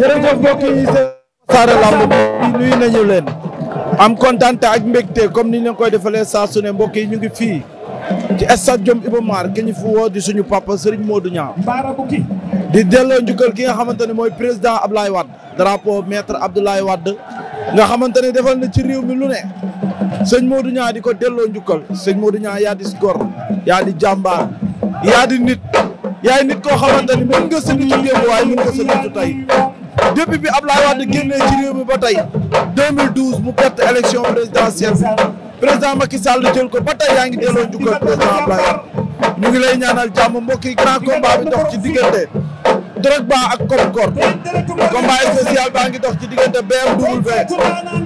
jërëjëf mbokk yi Wassare Lamb bi nuyu nañu leen am kontaan ak mbégte comme ni ñu leen koy defalee saa su ne mbokk yi ñu ngi fii ci stade Jom Iba Mar ki ñu fi woo di suñu papa Serigne Modou Niang di delloo njukkal ki nga xamante ne mooy président Ablaye Wade drapeau ab Abdoulaye Wade nga xamante ne defal na ci réew mi lu ne sëñ du Niang di ko delloo njukkal sëñ Modou Niang yaa di gor yaa di jàmbaar yaa di nit yaay nit koo xamante ni mën nga sëñ depuis bi Abdoulaye Wade génnee ci réew mi ba tey 2012 mu perte élection présidentielle président Macky Sall jël ko ba tey yaa ngi delloo njukkal président Abdoulaye Wade ñu ngi lay ñaanal jàmm mbokk yi grand combat bi dox ci diggante Drogba ak Kopkor combat spécial baa ngi dox ci diggante BMW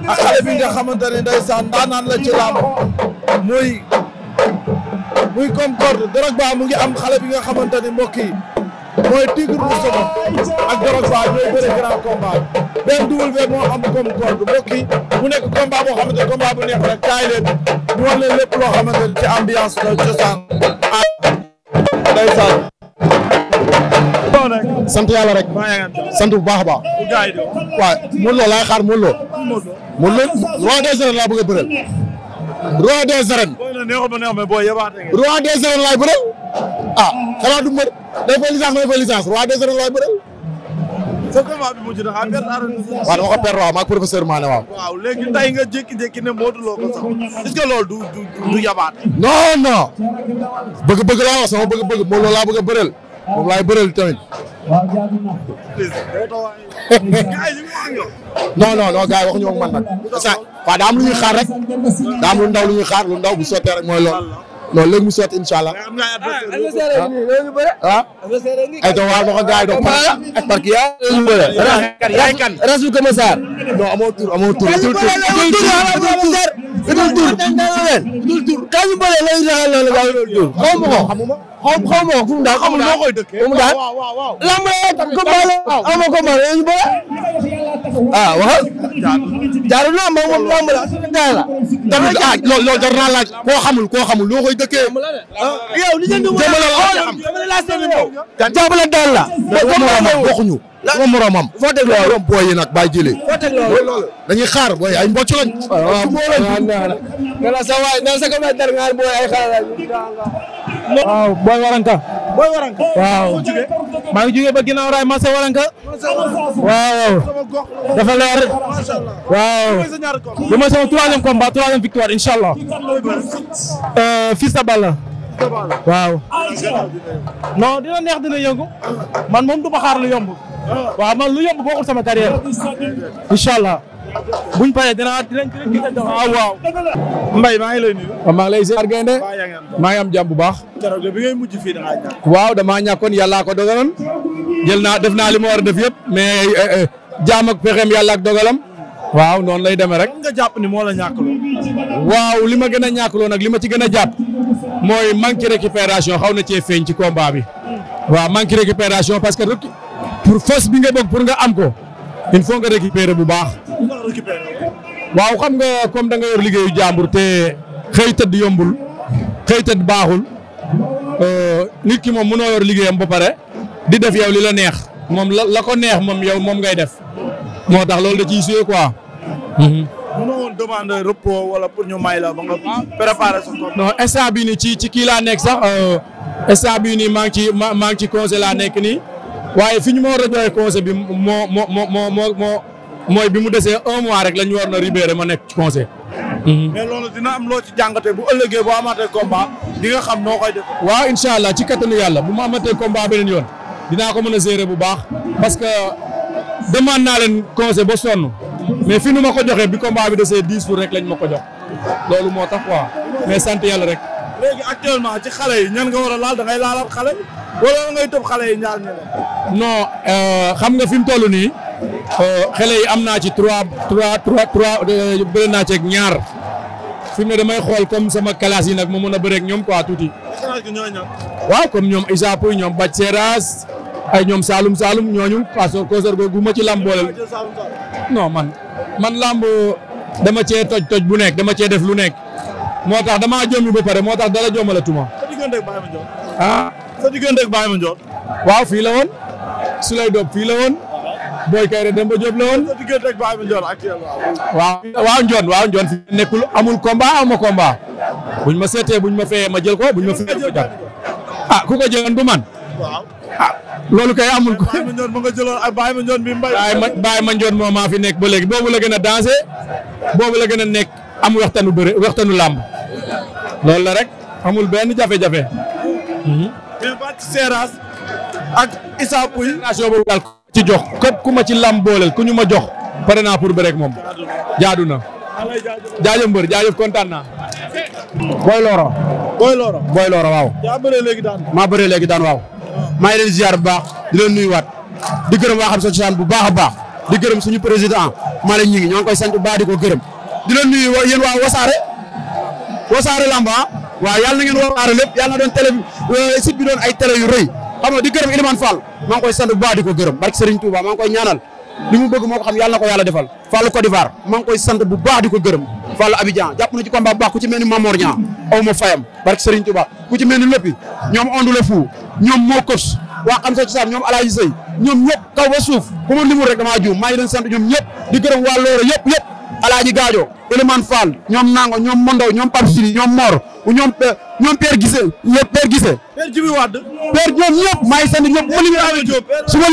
ak xale bi nga xamante ne ndeysaan ndaanaan la ci làmb muy muy Kopkor Drogba mu ngi am xale bi nga xamante ne mbokk yi mooy Tigre bu Sokone ak Dorog Ba ñooy bëre grand combat BMW moo am comme góor bu mbokk yi mu nekk combat boo xamante ne neex rek kaay leen ñu wan leen lépp loo xamante ne ci ambiance la cosaan ndeysaan sant yàlla rek sant bu baax a baax. waaw Modou Lo laay xaar Modou Lo. Modou Lo roi des arènes roi des arènes. roi des arènes laay bëre. ah xanaa du mbër day fay licence day fay licence roi des arènes laay bëre. sa combat bi waaw dama ko per waaw maag nga jékki-jékki ne Modou Lo ko a moom laay bëreel tamit. non non non gars yi waxuñu ak man nag. waaw daa am lu ñuy xaar rek. daa lu ndaw lu lu ndaw bu sottee rek mooy loolu. non léegi mu sotti incha allah. ah. ah? ay doon waaw wax ak gars yi doon par. parce que yaa ngi bëre. yaa ngi kan rasul Kama Sarr. non amoo tur dul tur dul tur kañ bëre lay raxal loolu waaye dul tur xaw ma ko xaw xaw ma ko fu mu daan xamul noo koy dëkkee fu mu daan lamb la combat la ama combat la ñu bëre ah waxal jaaru lamb moom lamb la gaay la dama laaj loolu loolu jar naa laaj koo xamul koo xamul noo koy dëkkee yow li ngeen di wër jàppale daal la waxuñu la moromam. foo teg loolu morom booy yi nag bàyyi jële. foo teg loolu dañuy xaar booy ay mbocc lañ. waaw waaw waaw sa waay nee na sa gëm dar nga booy ay xaar lañ. waaw booy waranka. booy waranka. waaw. maa ngi jógee ba waranka. waaw. dafa euh, Balla. waaw. non dina neex dina yëngu. man moom du ma lu yomb. waaw man lu yomb bokkul sama carrière incha allah buñ paree dina dinañ dinañ gis. waaw waaw. maa ngi lay nuyu. lay ziar gaynde maa ngi am jàmm bu baax. keroog bi ngay waaw damaa ñàkkoon yàllaa ko dogaloon jël naa def naa li ma war a def yëpp mais eh, eh, eh, jaam ak pexeem yàlla ak dogalam. waaw noonu lay demee rek. jàpp ni moo la ñàkkloo. waaw li ma gën a ñàkkloo nag li ma ci gën a jàpp. mooy manque récupération xaw na cee feeñ ci combat waaw manque récupération parce que pour force bi nga bëgg pour nga am ko il faut nga récupérer bu baax. waaw xam nga comme da nga yor liggéeyu jàmbur te xëy tëdd yombul xëy tëdd baaxul euh, nit ki moom mënoo yor liggéeyam ba pare di def yow li la neex moom la la ko neex moom yow moom ngay def moo tax loolu da ci suyee quoi. Mhm. mënoo woon wala pour ñu la ba nga nii ci ci kii laa nekk sax euh, instant bii nii maa ngi ci maa ngi ci congé laa nekk nii. waaye fi ñu ma war a joxe conseil bi moo moo moo moo moo mooy bi mu desee un mois rek la ñu war na libéré ma nekk ci conseil. Mhm. mais loolu dina am loo ci jàngate bu ëllëgee boo amaatee combat di nga xam noo koy def. waaw incha allah ci kattanu yàlla bu ma amatee combat beneen yoon dina ko mën a gérer bu baax parce que demande naa leen conseil ba sonn mais fi nu ma ko joxee bi combat bi desee dix jours rek lañ ma ko jox loolu moo tax quoi mais sant yàlla rek. léegi actuellement ci xale yi ñan nga war a laal da ngay laalaat xale wala ngay tëb xale yi ñaar ñeneen. non euh, xam nga fi mu toll nii euh, xale yi am naa ci trois trois euh, bëri naa ceeg ñaar fi mu ne damay xool comme sama classe yi nag ma mën a bëreeg ñoom quoi tuuti. waaw comme ñoom Issa Pouye ñoom Bac Seras ay ñoom Saloum saalum ñooñu parce que concert googu ma ci lambooleel. non man man lamb dama cee toj toj bu nekk dama cee def lu nekk. moo tax damaa jombi ba pare moo tax dala jombale ma sa diggante ak Baye Mandione. waaw fii la woon. su lay doob fii la woon. booy kay rek dem ba Diop la woon. sa diggante ak Baye Mandione actuellement. waaw waaw Ndione fi nekkul amul combat ama combat. buñ ma seetee buñ ma feyee ma jël ko buñ ma feyee ma jàpp. ah ku ko jëloon du man. waaw ah loolu kay amul. Baye Mandione ma nga jëloon ak Baye Mandione bi mbay. Baye Mandione moom maa fi nekk ba léegi boobu la gën a dansé boobu la gën a nekk am waxtaanu bëre waxtaanu làmb. loolu la rek amul benn jafe-jafe. mais mhm. Bathie Seras ak Issa Pouye. relation boobu daal ci jox képp ku ma ci lam booleel ku ñu ma jox pare naa pour bëre moom jaadu na. jaajëf mbër jaajëf kontaan naa. Boy Loro. Boy Loro waaw. yaa bëree léegi daan maa bëree léegi daan waaw. maa ngi leen ziar bu baax di leen nuyuwaat di gërëm waa xam social bu baax a baax di gërëm suñu président Malick Gningue ñoo ngi koy sant baax di ko gërëm di leen nuyu waa wasaare. wasaare lamba ah. waaw yàlla na ngeen wasaare lépp yàlla na doon télé euh, site bi doon ay télé yu rëy di gërëm Ilimane Fall maa koy sant bu baax di ko gërëm barke Serigne Touba maa ngi koy ñaanal li mu bëgg moo ko xam yàlla na ko yàlla defal Fall Côte d'Ivoire koy sant bu baax di ko gërëm Fall Abidjan jàpp na ci combat bu ku ci mel ni Mamor Niang aw ma fayam barke Serigne Touba ku ci mel ñoom ondu le fou ñoom moo kos waa xam sa ci saam ñoom Alaaji Sey ñoom ñëpp kaw ba Alaaji Gaajo Elimane Fall ñoom Nango ñoom Mondow ñoom Pape Sidi ñoom Mor ñoom euh, ñoom Père Guissé ñoom Père Guissé. Père Djibi Wade. Père ñoom ñëpp maa sant ñëpp bu ma limee su ma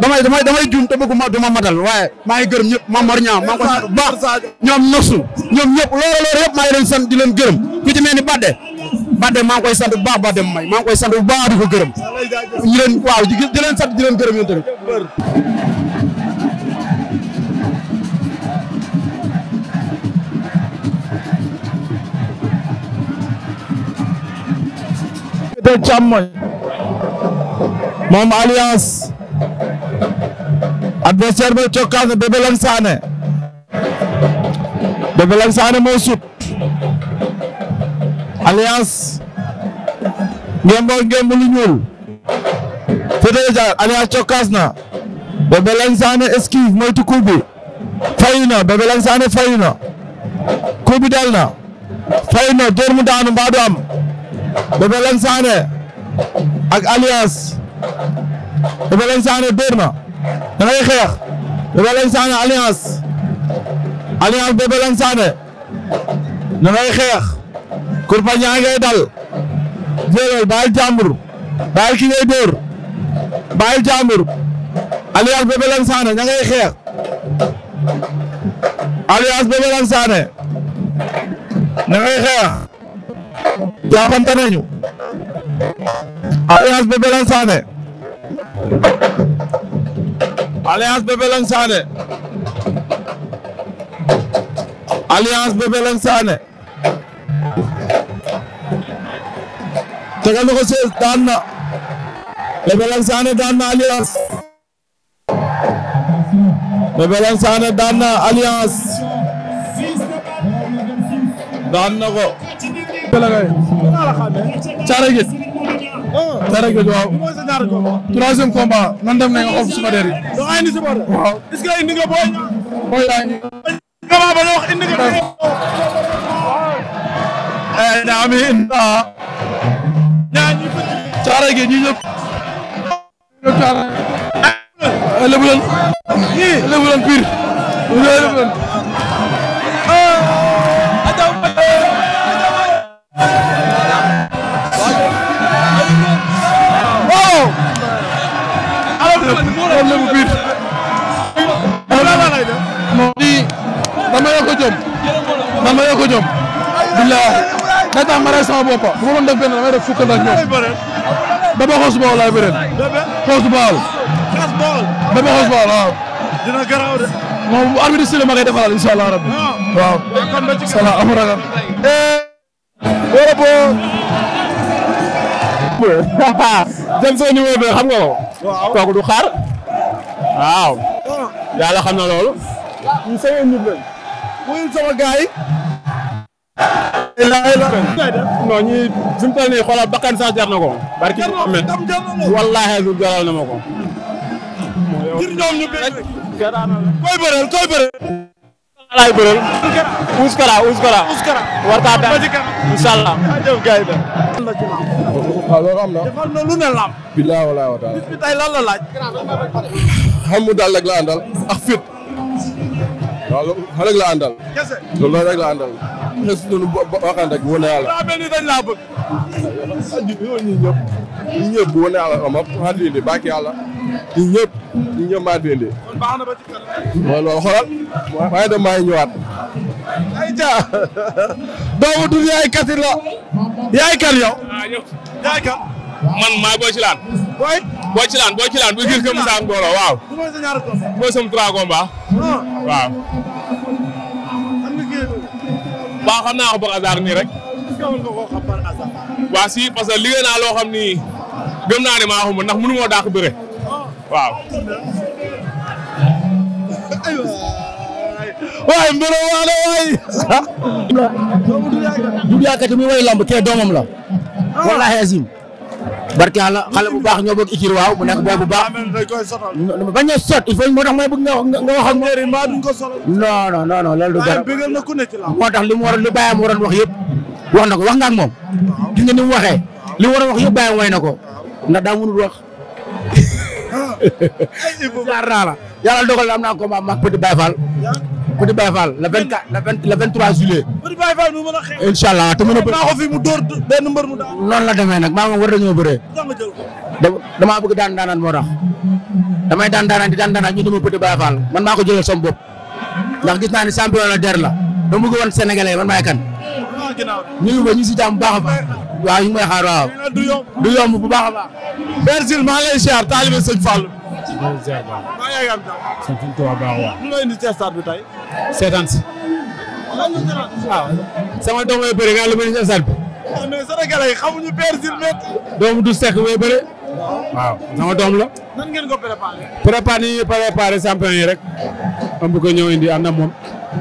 damay damay damay juum te du ma waaye maa ngi gërëm ñëpp Mame Mor Niang maa ko sant bu ñoom Noxu ñoom ñëpp loolu loolu yëpp maa ngi leen sant di gërëm ku ci mel ni Badde Badde maa ngi koy sant bu baax Badde may maa ngi koy sant bu baax di ko gërëm ñu leen waaw di leen sant di leen gërëm yéen tamit jàppee càmmoñ moom alliance adversaire ba cokkaas na Bébé Langsane Bébé Langsane moo sut alliance ngemboo ngemb lu ñuul fete jaar cokkaas na Bébé Langsane esquive moytu coup bi fay na Bébé Langsane fay dal na fay na mu daanu mbaa du Bébé Lene Sané ak Alliance Bébé Lene Sané dóor na da ngay xeex Bébé Lene Sané Alliance Alliance Bébé Lene da ngay xeex kurpañ yaa ngay dal jëlal bàyyil jàmbur bàyyil ki ngay dóor bàyyil jàmbur Alliance Bébé Lene Sané da ngay xeex Alliance Bébé Lene Sané ngay xeex jaaxante nañu alliance Bébé Lang Sané alliance Bébé Lang Sané alliance Bébé Lang Sané daan na Bébé Lang daan na alliance Bébé Lang daan na alliance daan na ko Balla Gaye. Caare Géej. Caare Géej waaw. troisième combat nan dem na nga xool supporter yi. waaw. est-ce que indi nga booy. booy yaa ngi. waaw ba wax indi nga booy. Eh, daa am indi. Caare Géej ñi ñëpp. Caare. Eh, Lebu leen. Lebu leen pire. Lebu leen. na bu biir. moo di dama yokk yokk a jom. billaay day tax ma rey sama def benn damay def fukk ak ñoom. bébé xoos bool laay bëreel. xoos bool. waaw. dina garaaw ma koy defalal incha allah rabbi. Ah. waaw. salaam amu ragal. boo. jëm sa numéro bi xam waaw. Ah. yàlla xam na loolu. ñu sëñ nit lañ. wuyul sama gars yi. non ñi xoolal bakkan sax jar na ko. barki Muhammad wallaahi du jaral na ma ko. ngir ñoom koy bëreel koy bëreel. alaay bëreel. uus kara war taa daan incha allah. waaw loolu am na. defal ne lam. billaahi wallaahi wa taala. bis mu daal rek la àndal ak fit. waaw loolu rek loolu rek la àndal. xëy si doon waxaan rek wóor dañ laa bëgg. ah ji ñooñu ñëpp. ñun ñëpp wóor na maa di indi bàkk yàlla. maa di indi. kon baax na ba doomu tudd yaay kat la. yaay kat yow. Ah, yaay kan man maay Boy Djilane. Boy. Boy Djilane Boy Djilane bu gis ko Moussa Ngolo waaw. bu ma sa ñaari combat. mooy sama trois combat. Ah. waaw. waaw xam naa ko ba hasard nii rek. waa si parce que liggéey naa loo xam ni gëm naa ne maa xam ndax mënu moo dàq bëre waaw. waay mbërë waale waay. dugub yaakaar te muy way lamb kee doomam la. Ah. wallaahi azim. barke xala xale bu baax ñoo bokk ikir waaw mu nekk booy bu baax. bañ a sot il faut moo tax may bëgg nga wax nga wax ak moom. non non non non loolu du dara moo tax li mu waroon li bàyyam wax yëpp wax na ko wax nga ak moom. gis nga ni mu waxee li mu waroon wax yëpp bàyyam way na ko ndax daa mënul wax. jaar naa la yàlla dogal na am naa combat mag Petit Baye Fall Petit Baye Fall le vingt le vingt trois juillet. Petit Baye Fall a xeex. incha allah te a bëri maa ko fi mu dóor benn mbër mu daan. noonu la demee nag maa war dañoo bëree. damaa bëgg daan daanaan moo damay daan di daan daanaan ñu dama Petit Baye Fall man maa ko jëlal sama bopp. ndax gis naa ni champion la der la. dama bëgg woon Sénégalais man maay kan. Ah, ñu ngi ba ñu si jàmm bu baax a baax. waaw ñu ngi may xaar waaw. du yomb bu baax a baax. Bergil maa ngi lay taalibe sëñ Fall loolu ziar baax na. waaw yaa ngi am jàmm. sant nañu tubaab a baax. ñu lay indi ci stade bi seetaan si. sama doom lay bëri nga xam lu muy indi bi. doomu du sekk may bëri. waaw sama doom la. nan ngeen ko préparé. préparé ni ñuy préparé champion yi rek. am bu ko ñëw indi ànd ak moom.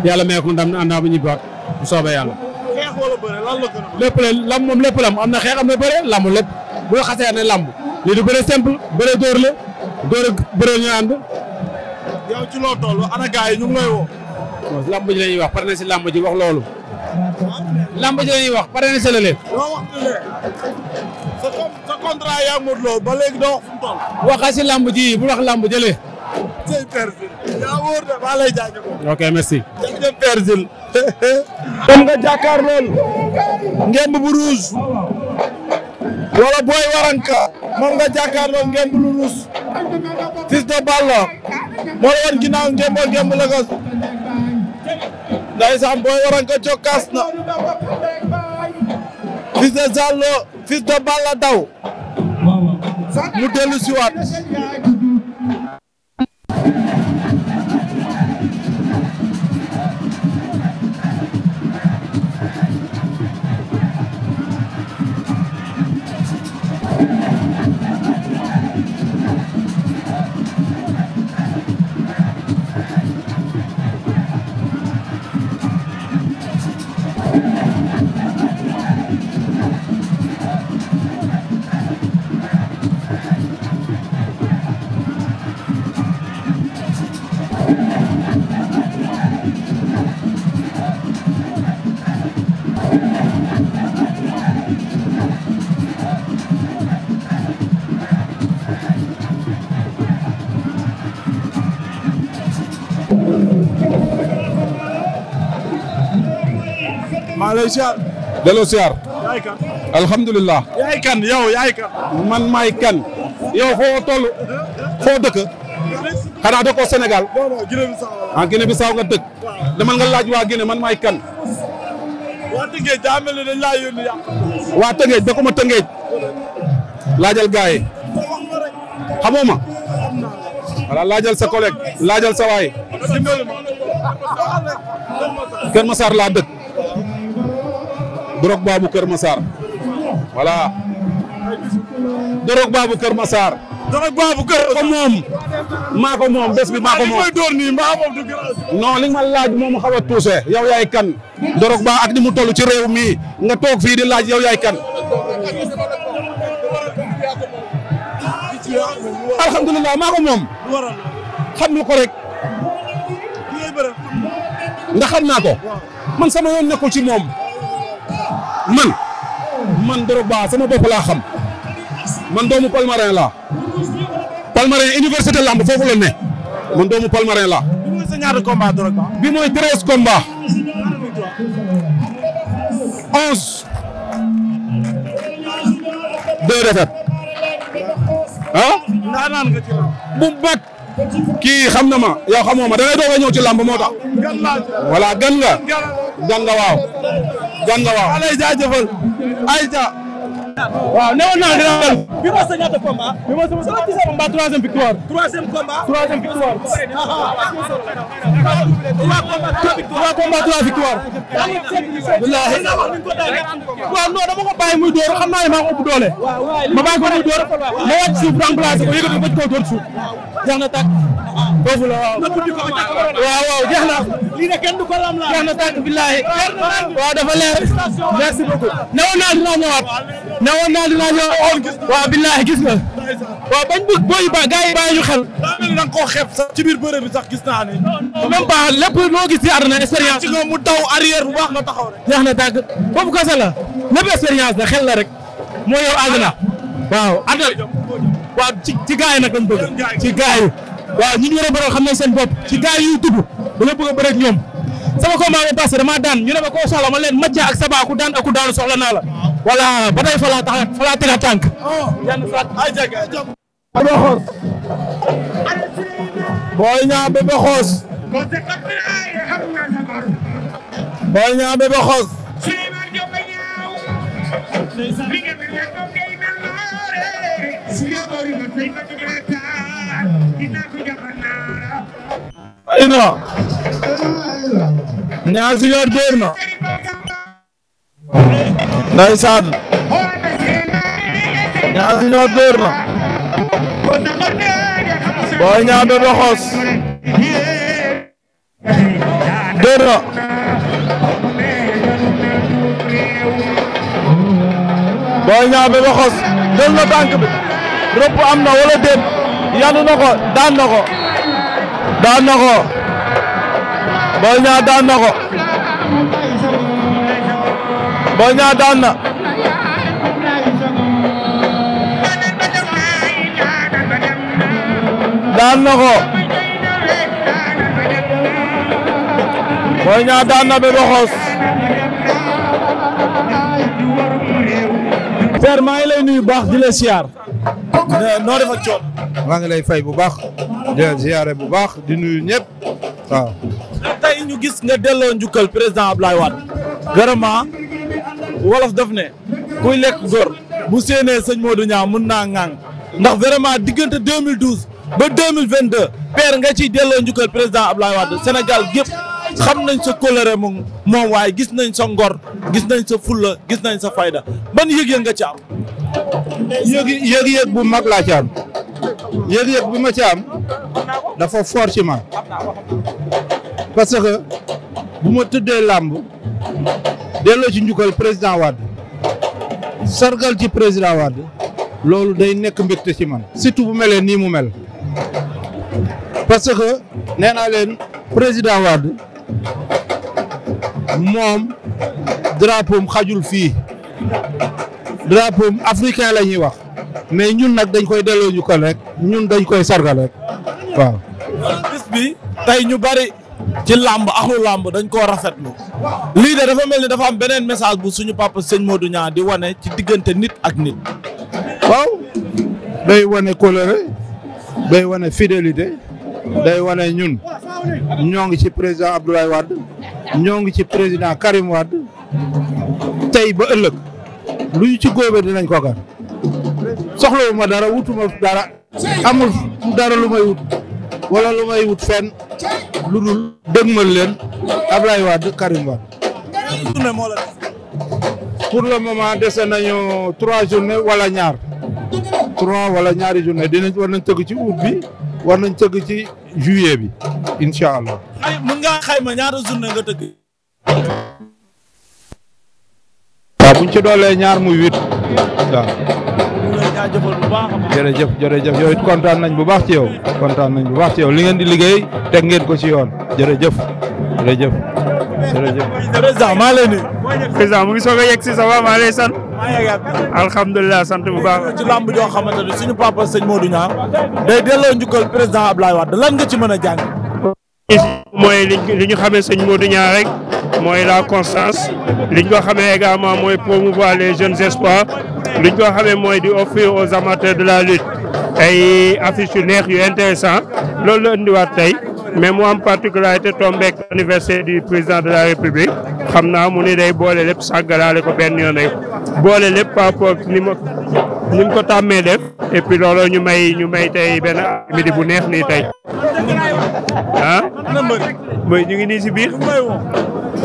yàlla may ko ndam ànd ak bu bu soobee yàlla. la gën lépp la lam moom lépp lam am na xeex am na bëre lamb lépp bu la xasee ne lii du bëre simple bëre dóor la. góor ak bëre ñu ànd. yow ci ana gars yi ñu ngi ñuy wax pare na si làmb ji wax loolu. làmb ji la ñuy wax pare na si la leen. wax sa si làmb ji bu wax làmb yaa wóor de maa lay ok merci. jërëjëf persil. dem bu rouge. wala Boy Waranka moom nga jàkkaarloo ngemb lu rus Fils de Balla moo la woon ginnaaw ngemboo ngemb la ko Waranka cokkaas na Fils de Zallo Fils de Balla daw mu dellu siwaat lay siyaar. delloo siyaar. yaay kan. alhamdulilah. yaay man maay kan. yow foo toll. foo dëkk. xanaa dëkkoo Sénégal. ah Guinée Bissau nga dëkk. demal nga laaj waa Guinée man maay kan. waa Tëngéej daa mel ni laajal gars yi. xamoo laajal sa collègue. laajal sa waay. Kër Massar laa dëkk. Drogba bu Kër Massar voilà Drogba bu Kër Massar. Drogba bu Kër moom. maa moom bés bi maa moom waaw door moom du laaj moom xaw a tuuse yow yaay kan. Drogba ak ni mu toll ci réew mi nga toog fii di laaj yow yaay kan. alhamdulilah maa moom. xam nga ko rek. nga xam naa ko. man sama yoon nekkul ci moom. man man Drogba sama bopp laa xam man doomu Palmarin laa Palmarin université lamb foofu la ne man doomu Palmarin laa. bi mooy sa ñaata onze. deux défaites. ah. bu mag. kii xam na ma yow xamoo ma da ngay doog a ci lamb moo tax. gan laa voilà waaw. jàng waaw alay jaajëfal ayca waaw newoon naa dina dal. bi ma sa ñaata combat. bi ma sama sama combat troisième victoire. troisième combat. troisième victoire. trois combat trois victoire. wallaahi. waaw non dama ko bàyyi muy door xam naa ne maa ko ëpp doole. ma bàyyi ko muy door ma wàcc suuf remplacé ko yëkkati ko ci kaw door suuf. jeex na tàkk. foofu la waaw. waaw waaw jeex na. lii de kenn du ko lam la. jeex na tàkk billaahi. waaw dafa leer. merci beaucoup. newoon naa dina ñëwaat. ne woon naa dinaa ñëw waaw billahi gis na waa bañ bëgg booy ba gars yi bàyyi ñu xel daa mel koo xeeb sax ci biir bëre bi sax gis naa ne même pas lépp loo gis ci àdduna expérience ci nga mu daw bu baax nga taxaw rek na tàgg foofu kese la lépp expérience la xel la rek moo yow àdduna waa àdduna waaw ci ci gars yi nag lañ bëgg ci gars yi waaw ñi ñu war a bëre xam nañ seen bopp ci gars yi tudd dañoo bëgg a bëre ñoom sama combat bi passé dama daan ñu ne ma koo soxla ma leen macca ak sabaa ku daan ak ku daanu soxla naa la voilà ba tey fa laa tax fa laa teg a tànk. yenn saa ay jéggi ay jéggi. Bébé Xoos. Boy Niang Bébé Xoos. Boy Niang Bébé Xoos. ay na. ñaar si yoon dóor na. ndeysaan ñaar ñoo dóor na booy ñaar bébé xoos dóor na booy ñaar bébé am na wala déet yanu na ko daan na ko daan na ko booy ñaar daan na ko Boy Niang daan na daan na Xoos père maa ngi lay nuyu baax di la siyaar noo def coon maa ngi lay fay bu baax di la siyaare bu baax di nuyu ñëpp waaw tey ñu gis nga delloo njukkal président lay Wade vraiment wolof daf ne kuy lekk góor bu séenee sëñ Modou Niang mun naa ŋàng ndax vraiment diggante 2012 ba 2022 père nga ciy delloo njukkal président Abdoulaye Wade Sénégal gépp xam nañ sa colère moom moom waaye gis nañ sa ngor gis nañ sa fulla gis nañ sa fayda ban yëg-yëg nga ci am. yëg yëg-yëg bu mag laa ci am yëg-yëg bu ma ci am dafa fort ci man parce que bu ma tëddee làmb delloo ci njukkal président Wade sargal ci président Wade loolu day nekk mbégte ci man surtout bu melee nii mu mel parce que nee naa leen président Wade moom drapeau xajul fii drapeau africain la ñuy wax mais ñun nag dañ koy delloo njukkal rek ñun dañ koy sargal rek waaw. bis ñu bari ci làmb axlu làmb dañ koo rafetlu lii de dafa mel ni dafa am beneen message bu suñu papa sëñ du ñaar di wane ci diggante nit ak nit. waaw day wane colère day wane fidélité day wane ñun ñoo ngi ci président Abdoulaye Wade ñoo ngi ci président Karim Wade tey ba ëllëg lu ñu ci góobee dinañ ko gar soxlawu ma dara wutuma dara amul dara lu may wut wala lu may wut fenn. lu dul dëgmal leen Ablaye Wade Karim Wade. pour le moment dese nañu trois journées wala ñaar trois wala ñaari journée dinañ war nañ tëgg ci août bi war nañ tëgg ci juillet bi incha allah. ay ngaa xayma ñaari journée nga tëgg. waaw buñ ci doole ñaar muy huit waaw. jaajëfal bu baax a baax. jërëjëf jërëjëf yow kontaan nañ bu baax ci yow kontaan nañ bu baax ci yow li ngeen di liggéey teg ngeen ko ci yoon jërëjëf jërëjëf jërëjëf. président maa leen di. président mu soog a yegg si ça va maa lay sant. maa yegaat alhamdulilah sant bu baax. ci làmb joo xamante ne suñu papa sëñ Modou Niang day delloo njukkal président Abdoulaye Wade lan nga ci mën a jàng. mooy li ñu xamee sëñ Modou Niang rek mooy la constance li ñu ko xamee également mooy promouvoir les jeunes espoirs li ñu ko xamee mooy di offrir aux amateurs de la lutte ay affiches neex yu intéressant loolu la indiwaat tey mais mu am particularité tombeek anniversaire du président de la république xam naa mu ni day boole lépp sàggalaale ko benn yoon rek boole lépp par rapport ni ni mu ko tàmmee def et puis loolu ñu may ñu may tey benn midi bu neex nii tey ah mooy ñu ngi nii si biir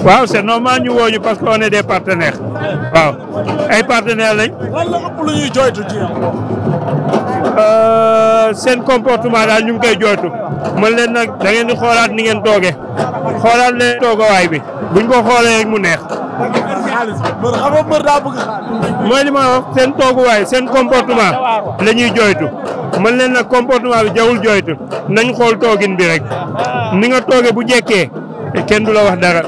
waaw c'est normal ñu wooñu parce que on est des partenaires waaw ay partenaires lañ lan la ëpp euh, seen comportement daal ñu ngi koy jooytu mën leen nag da di xoolaat ni ngeen tooge xoolaat leen toogawaay bi buñ ko xoolee mu neex xaalis mër xam nga mër seen tooguwaay seen comportement la ñuy jooytu mën leen nag comportement bi jawul jooytu nañ xool toogin bi rek ni nga tooge bu jekkee kenn du la wax dara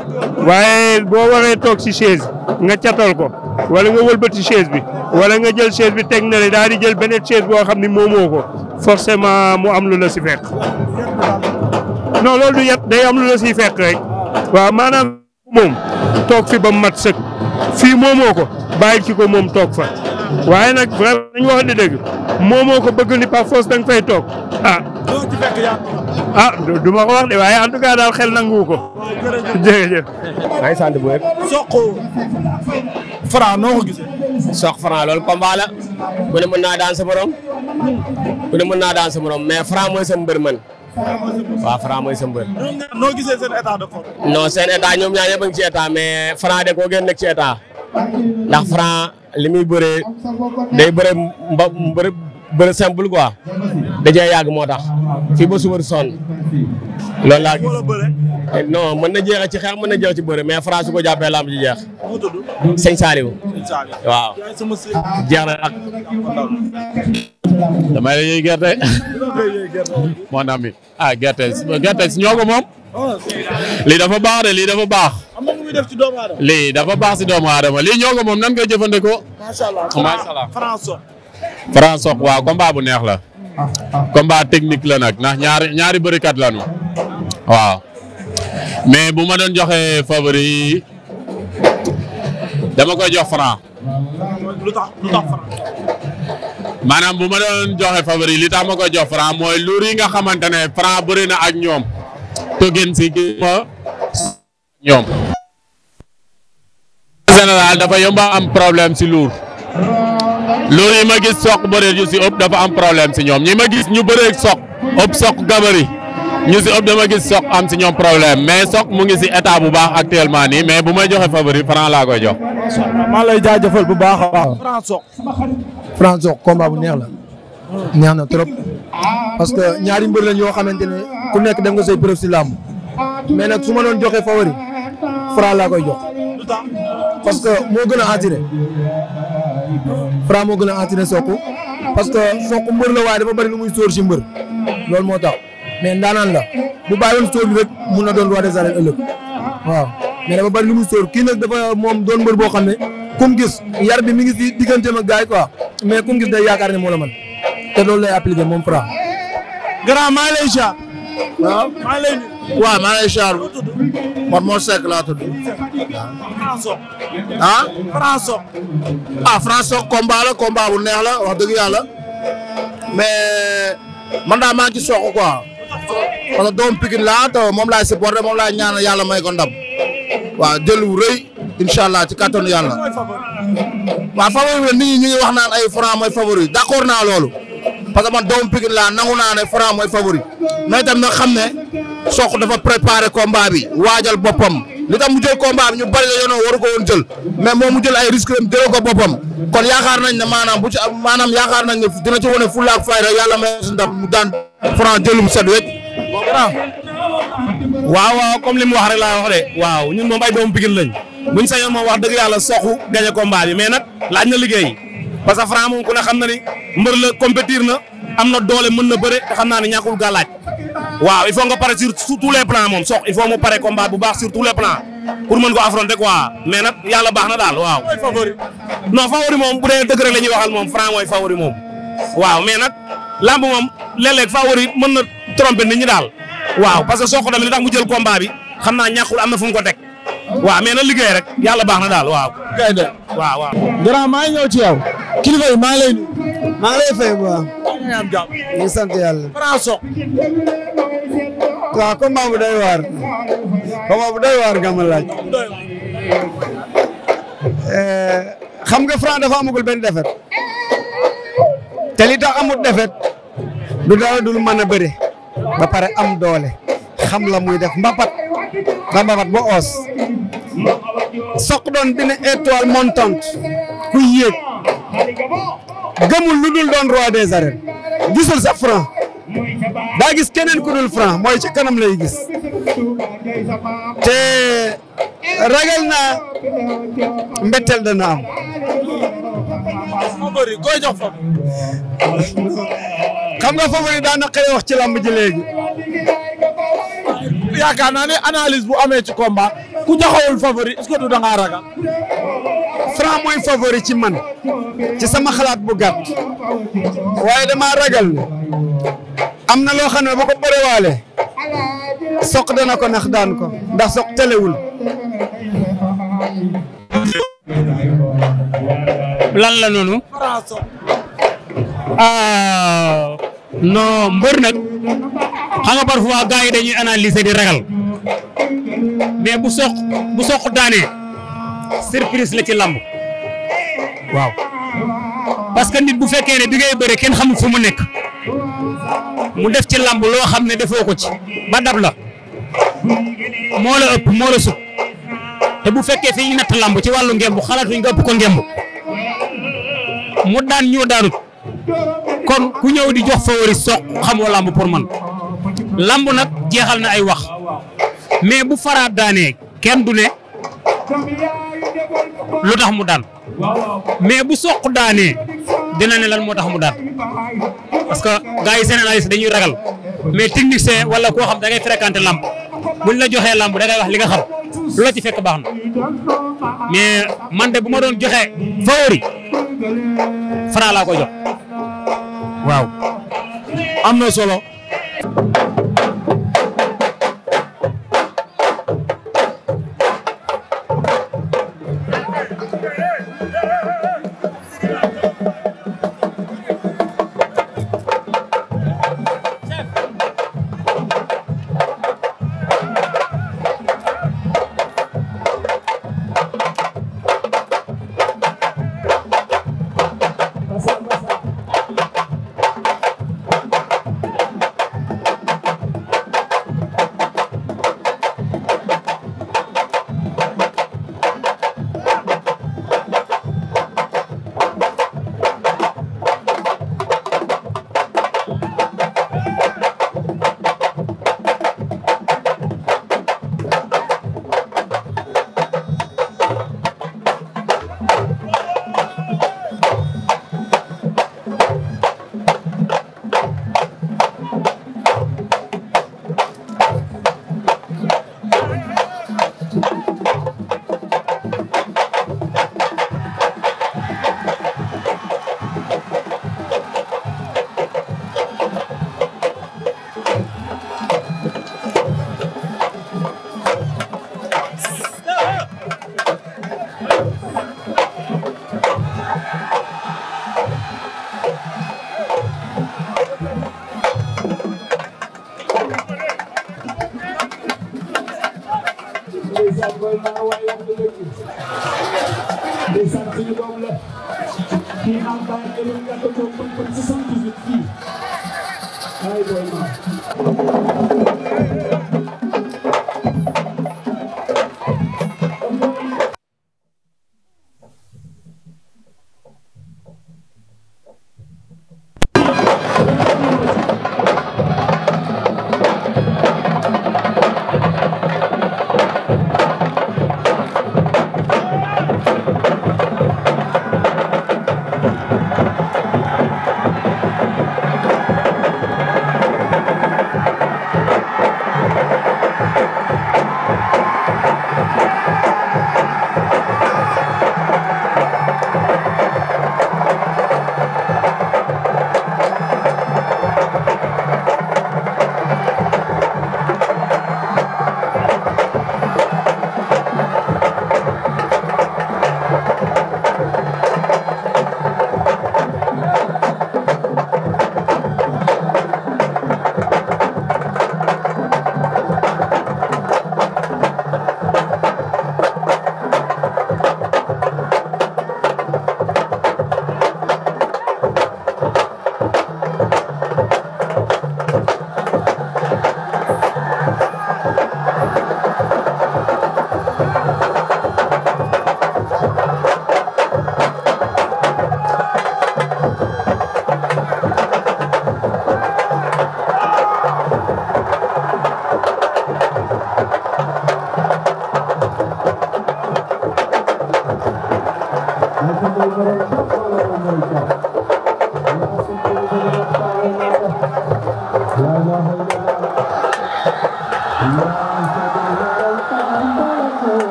waaye boo waree toog si chaise nga catal ko wala nga wëlbati chaise bi wala nga jël chaise bi teg na le daal di jël beneen chaise boo xam ni moomoo ko forcément mu am lu la si fekk non loolu du yat day am lu la rek waaw maanaam moom toog fi ba mu mat sëkk fii moomoo ko bàyyi ci ko moom toog fa waaye nag vraiment dañu wax di dëgg moomoo ko bëgg ni par force fay toog ah. a ah, du ko wax de waaye en tout cas daal xel nangu ko. jërëjëf. maa ngi sant bu wér. Sokh noo ko gisee. Sokh Franc loolu combat la. ne mën naa daan sa morom. ku ne mën naa daan sa morom mais Franc mooy sama mbër man. waaw Franc mooy sa mbër. ñoom ñaar noo gisee seen état de forme. non seen état ñoom ñaar ñëpp ngi ci état mais Franc de koo gën nekk ci état ndax Franc li muy bëree day bëree mba bëri bëri dajee yàgg moo tax fii ba suba sonn. loolu laa gis mën na jeex ci xeex mën na jeex ci bëre mais France su ko jàppee lamb ji jeex. sëñ waaw jeex na ak. damay la gerte. mon ami ah gerte gerte si ñoo ko moom. Oh, lii dafa baax de lii dafa baax. lii dafa baax si doomu aadama lii ñoo ko moom nan nga jëfandikoo. macha France sox. France sox waaw bu neex la. baa technique la nag ndax ñaari ñaari bërikat lañu. waaw mais bu ma doon joxe favori dama koy jox Franc. maanaam bu ma doon joxe favori li tax ma koy jox Franc mooy luur yi nga xamante ne Franc bëri na ak ñoom. te gën si gën ma ñoom. en général dafa yomba am problème si luur. luur yi ma gis soq bëree si ëpp dafa am problème si ñoom ñi ma gis ñu bëree soq ëpp soq gabari ñu si ëpp dama gis soq am si ñoom problème mais Sokh mu ngi si état bu baax actuellement nii mais bu may joxe favori Franc laa koy jox. maa lay jaajëfal bu baax a baax. Franc Sokh. bu neex la. neex na trop. parce que ñaari mbër lañ yoo xamante ne ku nekk dem nga say preuve si làmb mais nag su ma doon joxe favori Franc laa koy jox. parce que moo gën a attiré. Franc moo gën a attiré Sokh parce que Sokh mbër la waaye dafa bari lu muy sóor si mbër loolu moo tax. mais ndaanaan la bu bàyyiwoon sóor bi rek mun na doon roi des arènes ëllëg waaw mais dafa bari lu mu sóor kii nag dafa moom doon mbër boo xam ne kum gis yar bi mi ngi si digganteem ak gars yi quoi mais kum gis day yaakaar ne moo la mën te loolu lay appliqué moom Franc. grand maa ngi lay ziar. waaw maa ngi laa tudd. Franc Sokh. ah. Franc Sokh. ah Franc Sokh bu neex la wax dëgg yàlla mais man daa maa ngi ci Sokh parce que doom Pikine laa te moom laay supporté moom laa ñaan yàlla may ko ndam waaw jël wu rëy allah ci kattanu yàlla. waaw favori bi nit ñi wax naan ay Franc mooy favori d' accord naa loolu parce que man doom Pikine laa nangu naa ne Franc mooy favori mais itam nag xam ne sook dafa préparé combat bi waajal boppam. li tax mu jël combat bi ñu bari la yoonoo waru ko woon jël mais moom mu jël ay risque am ko boppam kon yaakaar nañ ne maanaam bu ci maanaam yaakaar nañ ne dina ci wane fulla ak fayda yàlla may si ndam mu daan Franc jëlum set wecc waaw waaw comme li mu wax rek laa wax de waaw ñun moom ay doomu Pikine lañ buñ sañoon moom wax dëgg yàlla soxu gañe combat bi mais nag laaj na liggéey parce que Franc moom ku ne xam na ni mbër la compétir na am na doole mën na bëre xam naa ne ñàkkul gàllaaj waaw il faut nga pare sur tous les plans moom sox il faut mu pare combat bu baax sur tous les plans pour mën ko affronter quoi mais nag baax na daal waaw. non favori moom bu dee dëgg rek la ñuy waxal moom Franc mooy favori moom. waaw mais nag lamb moom léeg-léeg favori mën na tromper nit ñi daal. waaw parce que sox tamit li tax mu jël combat bi xam naa ñàkkul am na fu mu ko teg. waaw mais na liggéey rek yàlla baax na daal waaw. gaynde waaw ci yow. kilifa yi maa ngi fay bu baax. ñu am jàmm. ñu ngi sant yàlla. Franc Sokh. waaw combat bu doy waar. combat bu doy waar nga ma laaj. Eh, xam nga Franc dafa amagul benn defet. te li tax amut defet. du dara dul mën a bëre. ba pare am doole. xam la muy def mbapat da mbapat ba oos soq doon dina étoile montante ku yéeg gëmul lu dul doon roi des arènes gisul sa franc daa gis keneen ku dul franc mooy ci kanam lay gis te ragal naa mbetteel dana am favori koy jox favori xam daa naqaree wax ci làmb ji léegi yaakaar naa ne analyse bu amee ci combat ku joxewul favori est-ce que du da ragal. Franc mooy favori ci man ci sama xalaat bu gàtt waaye damaa ragal am na loo xam ne bu ko bërewaale soq dana ko nax daan ko ndax soq telewul. lan la noonu. ah non mbër nag xam nga parfois gars yi dañuy analyser di ragal mais bu soq bu soq daanee surprise la ci lamb waaw parce que nit bu fekkee ne bi ngay bëre kenn xamul fu mu nekk mu def ci lamb loo xam ne defoo ko ci ba dab la moo la ëpp moo la sut te bu fekkee fi ñu natt lamb ci wàllu ngemb xalaatuñ nga ëpp ko ngemb mu daan ñoo daanut kon ku ñëw di jox favori soq xamoo lamb pour man lamb nag jeexal na ay wax mais bu Fara daanee kenn du ne lu tax mu daan mais bu soq daanee dina ne lan moo tax mu daan parce que gars yi seen dañuy ragal mais technicien wala koo xam da ngay fréquenter lamb buñ la joxe lamb da ngay wax li nga xam loo ci fekk baax na mais man de bu ma doon joxe favori Fara laa ko jox waaw am na solo. Thank you.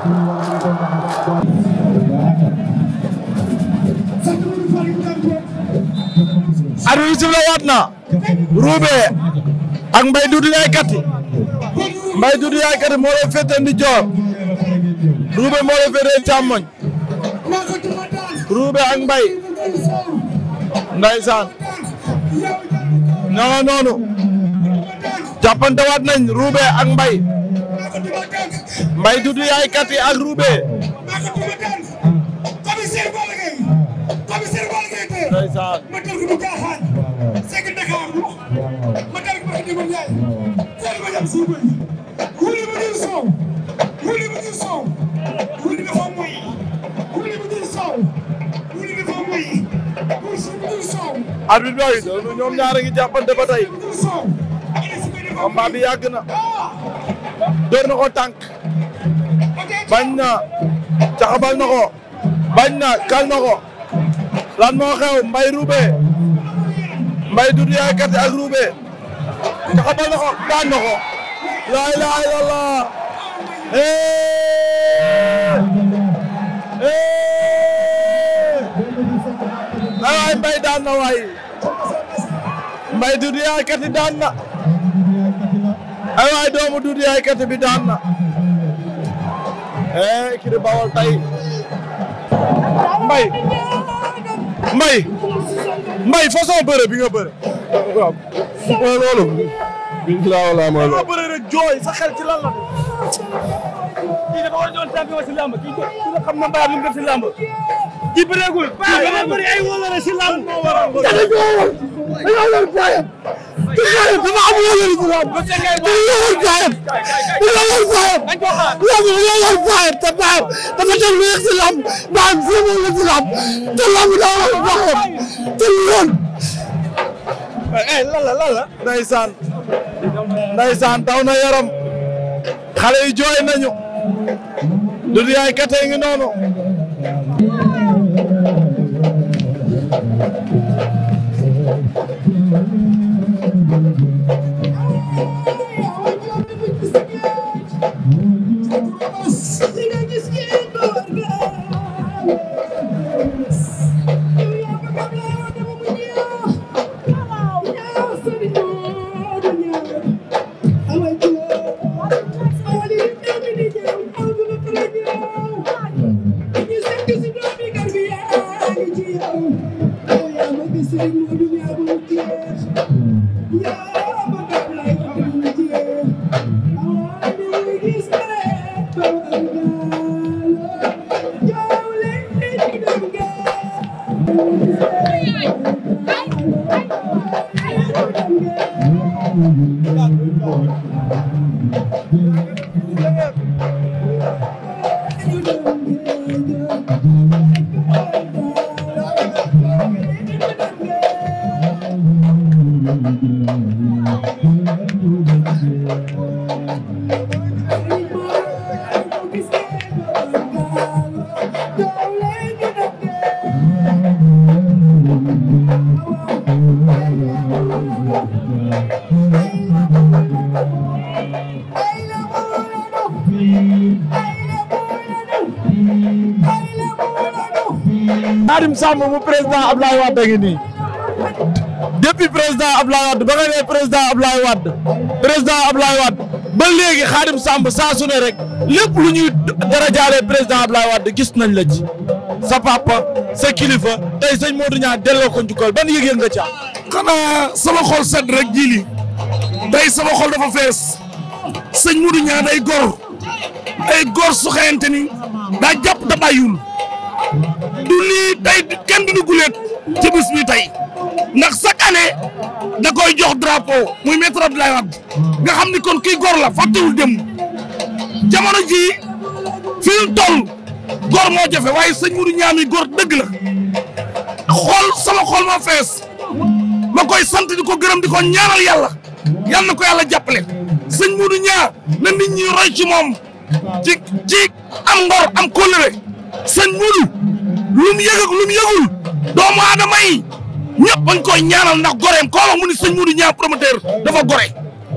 arbitre bi sifflé waat na ruube ak mbay dudu yaay kati mbay dudu yaay kati moo lay féete ndi joor ruube moo lay féete càmmoñ ruube ak mbay ndaysaan ñoo nga noonu jàppante waat nañ ruube mbay Mbay Dudu yaay kati ak Roubé. commissaire Balla Gaye commissaire Balla Gaye tey. ndeysaan ma tënk bu gaaxaan. segg Dakar wax ma tënk ba Ndimba Ndiaye. teel ma dem suuf bi. wuli ma jël soow. wuli ma jël soow. wuli dafa moy. wuli ma jël soow. wuli dafa moy. wuli ma jël soow. arbitre bi doon ñoom ñaar a ngi jàppante ba tey. combat bi yàgg na. door na ko tànk. bañ na caxabal na ko bañ na kal na lan moo mbay ruube mbay du yaay ak ruube caxabal na ko daan na ko laa ilaha illallah eh. Eh. ay mbay daan na waay mbay du yaay daan na ay waay doomu du yaay kati na eh écurie Bawol tey Mbaye Mbaye Mbaye façon bëre bi nga bëre waaw mooy loolu billahi wala mooy loolu bëre rek jooy sa xel ci lan la kii dafa war a doon champion si lamb kii ku xam na Mbaye lu mu def si lamb kii bëreegul kii bëreegul ay wala si lamb moo waral te xale dafa am yoo yor islam te li yor baayam li yor baayam yow li yor baayam te baayam dafa dem lu yegg si lam baayam foofu la si lam te lam daa war a baaxoon te lu yoon. lan la lan la. ndeysaan ndeysaan daw na yaram xale yi jooy nañu du di yaay kate ngi noonu. président Ablaye Wade ngi président Ablaye Wade ba nga nee président Ablaye Wade président Ablaye Wade ba léegi Xaadim Samb saa su ne rek lépp lu ñuy dara jaalee président Ablaye Wade gis nañ la ci sa papa sa kilifa tey sëñ Modou Niang delloo ko njukkal ban yëg-yëg nga caa. xanaa sama xol sed rek ji li tey sama xol dafa fees sëñ Modou Niang ay gor ay gor su xayante ni daa jàpp da du lii tey kenn du guleet ci bis bi tey ndax chaque année da koy jox drapeau muy maître Abdoulaye Wade nga xam ni kon kii góor la fàttewul dem jamono jii fi mu toll góor moo jafe waaye sëñ Mourou ñaami góor dëgg la xool sama xool ma fees ma koy sant di ko gërëm di ñaanal yàlla yàlla na ko yàlla jàppale sëñ Mourou ñaar na nit ñi roy ci moom ci ci am ngor am kóllëre sëñ Mourou lu mu yëg ak lu mu yëgul doomu aadama yi ñëpp bañ koy ñaanal ndax goreem koo wax mu ni sëñ Modou Niang promoteur dafa gore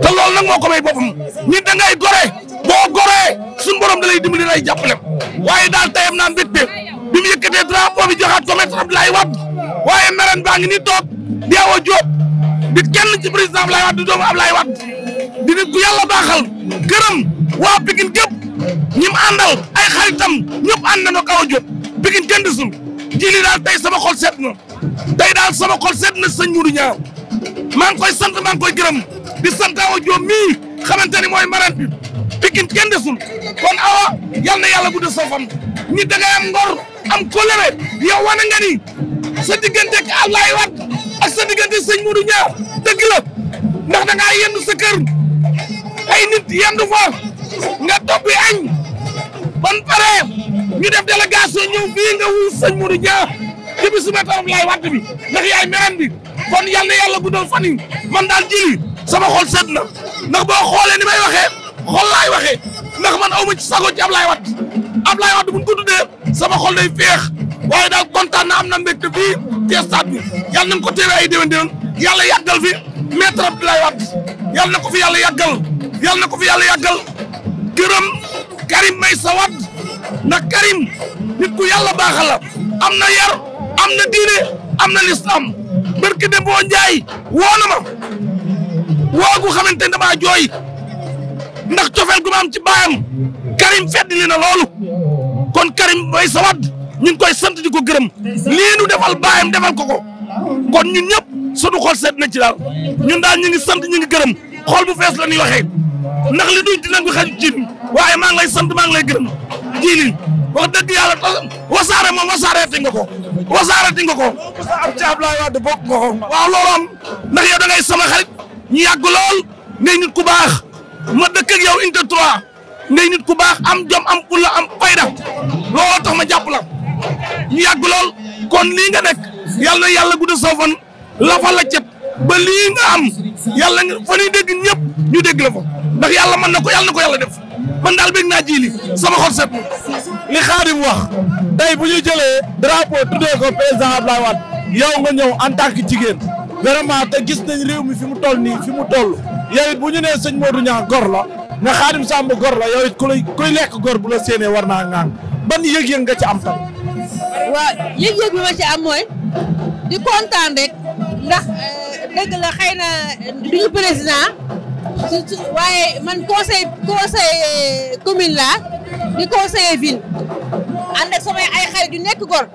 te loolu moo ko may boppam nit da ngay gore boo goree suñu borom da lay dimbali lay jàppale waaye daal tayam naa mbégte bi mu yëkkatee drapeau bi waaye meren baa ngi ni toog di awa Diop di kenn ci président Abdoulaye Wade di doomu Abdoulaye Wade ku yàlla baaxal këram waa Pikine gépp ñi mu ay xaritam ñëpp ànd nañu ak awa Diop Pikine kenn desul jili daal tey sama xol set na tey daal sama xol set na sëñ Modou Niang maa ngi koy sant maa ngi koy gërëm di sant Awa Diop mii xamante ni mooy marraine bi Pikine kenn desul kon Awa yal na yàlla gudd sa fan nit da ngay am ngor am kóllëre yow wane nga ni sa diggante ak Ablaye Wade ak sa diggante ndax da ngaa yendu sa kër ay nit yendu fa nga toppi añ ban pare ñu def délégation ñëw fii nga wuyu sëñ Modou Dia ci bi suba taram laay watt bi ndax yaay meram bi kon yal na yàlla guddal fan yi man daal jili sama xol sedd na ndax boo xoolee ni may waxee xol laay waxee ndax man aw ma ci sago ci Ablaye Wade Ablaye Wade bu ñu ko tuddee sama xol day féex waaye daal kontaan na am na mbégte fii ci stade bi yal nañ ko teewee ay déwén déwén yàlla yàggal fi maître Abdoulaye Wade yal na ko fi yàlla yàggal yal na ko fi yàlla yàggal Karim Meïssa Wade ndax Karim nit ko yàlla baaxal la am na yar am na diine am na lislam barke de boo njaay woo na ma woo gu xamante ne damaa jooy ndax cofeel gu am ci baayam Karim feddili na loolu kon Karim Meïssa Wade ñu ngi koy sant di ko gërëm lii nu defal baayam defal ko ko kon ñun ñëpp sunu xol sedd na ci daal ñun daal ñu ngi sant ñu ngi gërëm xol bu fees la ñuy waxee ndax li duñ dinañ ko xaj waaye maa ngi sant maa ngi lay gërëm wax dëgg yàlla wasaare moom wasaareeti nga ko wasaareeti nga ko. sa ab ko. waaw loolu am ndax yow da ngay sama xarit ñu yàgg lool ngay nit ku baax ma dëkk ak yow unité 3 ngay nit ku baax am jom am fulla am fayda looloo tax ma jàpp la ñu yàgg lool kon lii nga nekk yàlla yàlla gudd sa fan la fa la cet ba lii nga am yàlla nga fa ñuy dégg ñëpp ñu dégg la fa ndax yàlla man na ko yàlla na ko yàlla def. man daal bëgg naa jiili sama xol set li xaadim wax tey bu ñu jëlee drapeau tuddee ko président Abdoulaye Wade yow nga ñëw en tant que jigéen vraiment te gis nañ réew mi fi mu toll nii fi mu toll yow it bu ñu nee sëñ Modou Niang gor la nga xaadim Samb gor la yow it ku lay lekk gor bu la séenee war naa ba ban yëg-yëg nga ci am tam. waaw yëg-yëg bi ma ci am mooy di kontaan rek ndax dëgg la xëy na duñu président. surtout waaye man conseil conseil commune la di conseiller ville ànd ak samay ay xarit yu nekk gor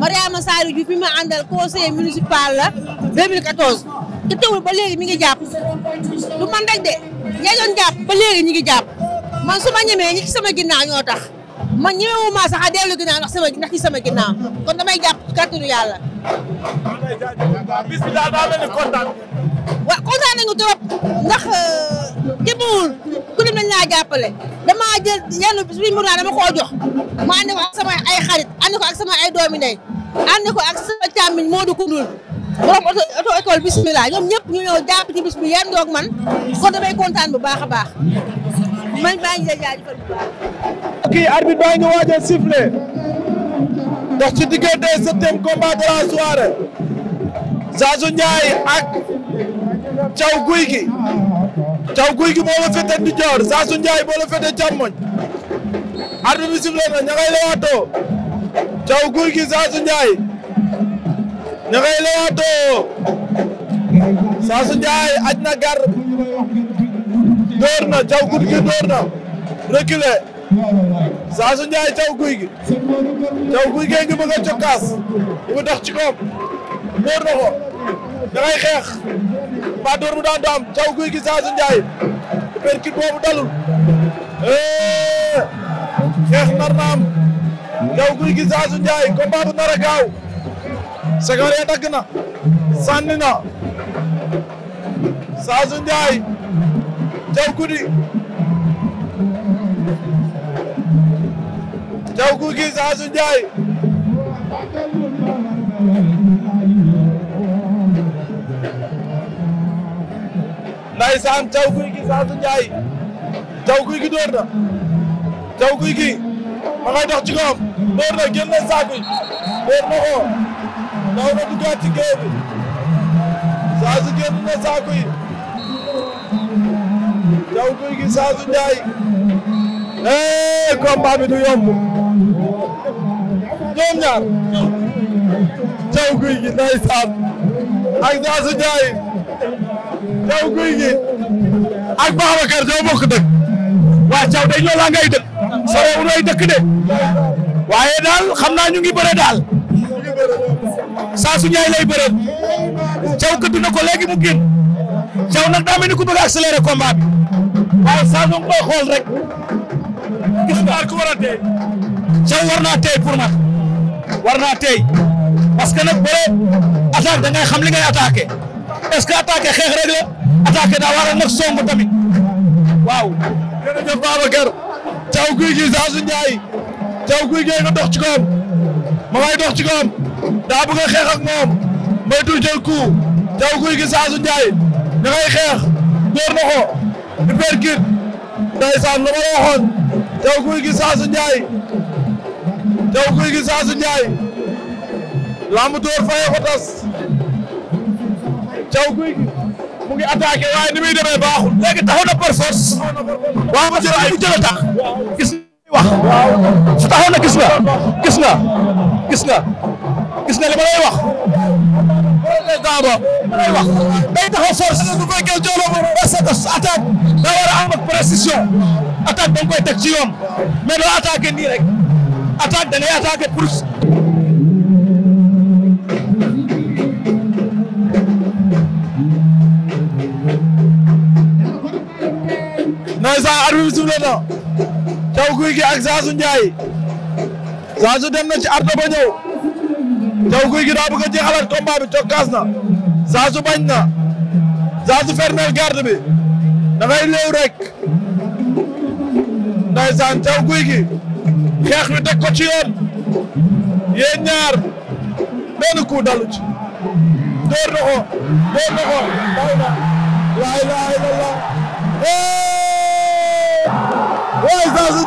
Mariama Sary Diouf bi ma àndal conseiller municipal la 2014 te teewul ba léegi mi ngi jàpp du man rek de ña doon jàpp ba léegi ñi ngi jàpp man su ma ñemee ñi ci sama ginnaaw ñoo tax man ñëwuma sax a dellu ginnaaw ndax sama ndax ci sama ginnaaw kon damay jàpp kàttanu yàlla. bis bi daal daa mel ni kontaan. waaw kontaan nañu trop ndax euh, jëmmuwul ku dem nañ laa jàppale damaa jël yenn suñu dama koo jox ma ànd ko ak sama ay xarit ànd ko ak sama ay doomi ndey ànd ko ak sama càmmiñ Modou Koundoul borom oto oto école bismillah ñoom ñëpp ñu ñëw jàpp ci bis bi yan doog man kon damay kontaan bu baax a baax. man baa ngi lay jaajëfal bu baax. kii arbitre baa ngi waaj a sifflé dox ci diggante septième combat de la soirée Zazu ak Thiaw Gouy Gui Thiaw Gouy Gui moo la féete ndijoor Zazu Ndiaye moo la féete càmmoñ arbitre bi sifflé na ña ngay lewaatoo Thiaw Gouy Gui Zazu Ndiaye ña ngay lewaatoo aj na gar door na jaw gi door na reculé Sassou Ndiaye jaw gi jaw guy gee ngi a cokkaas mu dox ci koom door na ko da ngay xeex mbaa door mu daan daam jaw guy gi Sassou Ndiaye perkit boobu dalul xeex nar na am jaw guy gi Sassou Ndiaye combat bu nar a gaaw sagare dagg na sànni na Sassou Diaw Goudy Diaw Goudy Zazu Ndiaye Ndeysaan Diaw Goudy Zazu Ndiaye Diaw Goudy door na Diaw Goudy ma ngay dox ci kawam door na génn na saako yi door na ko daw na duggaat ci géew bi Zazu génn na saako yi ndaw guy gi Sadio Ndiaye. eh combat bi du yomb. ñoom ñaar. ndaw guy gi ndeysaan. ak Sadio Ndiaye. ndaw guy gi. ak Babacar ñoo bokk dëkk. waa Thiaw dañ loola ngay dëkk. soo nooy dëkk de. waaye daal xam naa ñu ngi bëre daal. Sadio Ndiaye lay bëre. Thiaw këddu na ko léegi mu génn. na nag daa mel ni ku bëgg accélérer waaye saa ñu koy xool rek. gis nga ku war a tey. Thiaw war naa tey nag bëre attaque da ngay xam li ngay attaqué est xeex rek la attaqué daa war a nag somb tamit waaw. jërëjëf Babacar Thiaw Gouye Gui Zazu Ndiaye Thiaw Gouye Gui dox ci ma may dox ci koom xeex ak moom moytu jël coup Thiaw Gouye Gui Zazu Ndiaye da ngay xeex door na ko. di perkit ndeysaan la ma la waxoon taw guy gi Saasu Njaay taw guy gi Saasu Njaay lamb door faye ko tas taw guy gi mu ngi attaqué waaye ni muy demee baaxul léegi taxaw na par force waaw ma jël ay jël tax gis wax su taxaw na gis nga gis nga gis nga gis nga li ma lay wax lay wax day taxaw force bu fekkee jooloo parce que attaque da war a am ak précision attaque nga koy teg ci yoon mais doo attaqué nii rek Taw Guy gi ak Zazu Ndiaye Zazu dem na ci ardo ba ñëw Taw Guy gi daa bëgg a jeexalaat combat bi toog Zazu bañ na Zazu fermeel garde bi dafay léew rek ndaysaan Caw Guy gi xeex wi teg ci yoon yéen ñaar benn coup dalu door na ko door na ko daw na laa ilaaha illallaah waay Zazu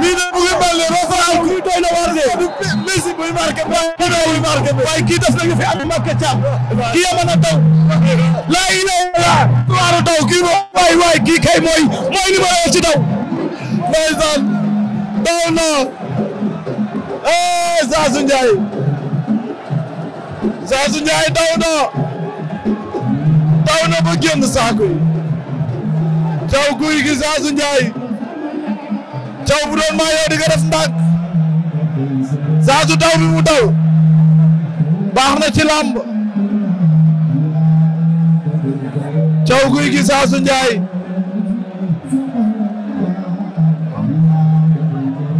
nii nag mu ngi mel ne Rofane. kii doy na waar de. Messi buy marqué waaye kii daf nañu fi am marqué caam. kii yaa mën a daw. laa ilaaha illallaah. war a daw kii moom waay waay kii kay mooy mooy li ma yor ci daw. ndeysaan daw naa. Eh, Sassou Ndiaye. Sassou Ndiaye daw naa. daw na ba génn saako yi. taw guy gi Sassou Ndiaye. caw bu doon maa yow di nga def ndànk daw bi mu daw baax na ci làmb caw guy gi Zazu Njaay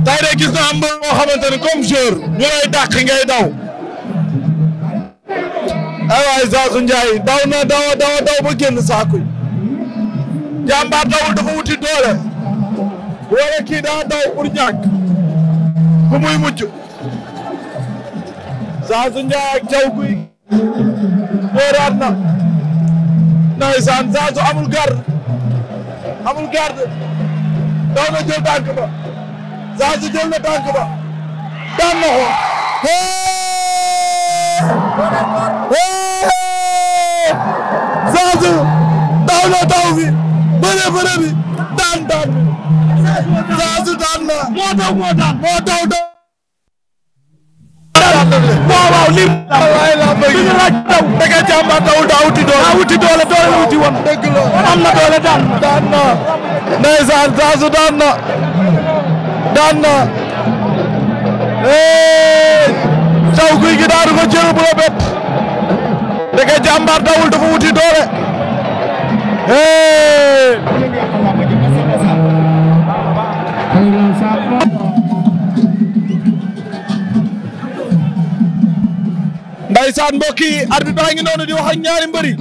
tey de gis naa mbër moo xamante ne comme jour ñu lay dàq ngay daw ay waay Njaay daw na dawa dawa daw ba génn saakuy jàmbaar dawul dafa wuti doole wala kii daa day pour ñàkk bu muy mujj Zazu Ndiaye ak Thiaw Gouy dóoraat na ndeysaan Zazu amul garde amul garde daw na jël tànk ba Zazu jël na tànk ba daan na ko Zazu daw na taw bi bëre bëre bi daan daan Zazu daan na moo daw moo daan moo daw daw waaw waaw li waay la bëgg ñu laaj daw da nga jàmbaar daw daa wuti doole daa wuti doole doole la wuti woon dëgg la am na doole daan na daan na ndeysaan Zazu daan na daan na eh taw guy gi daanu ko jël bu la bett da nga jàmbaar dawul dafa wuti doole eh Ndeysaan mbokk yi arbitre baa ngi noonu di wax ak ñaari mbëri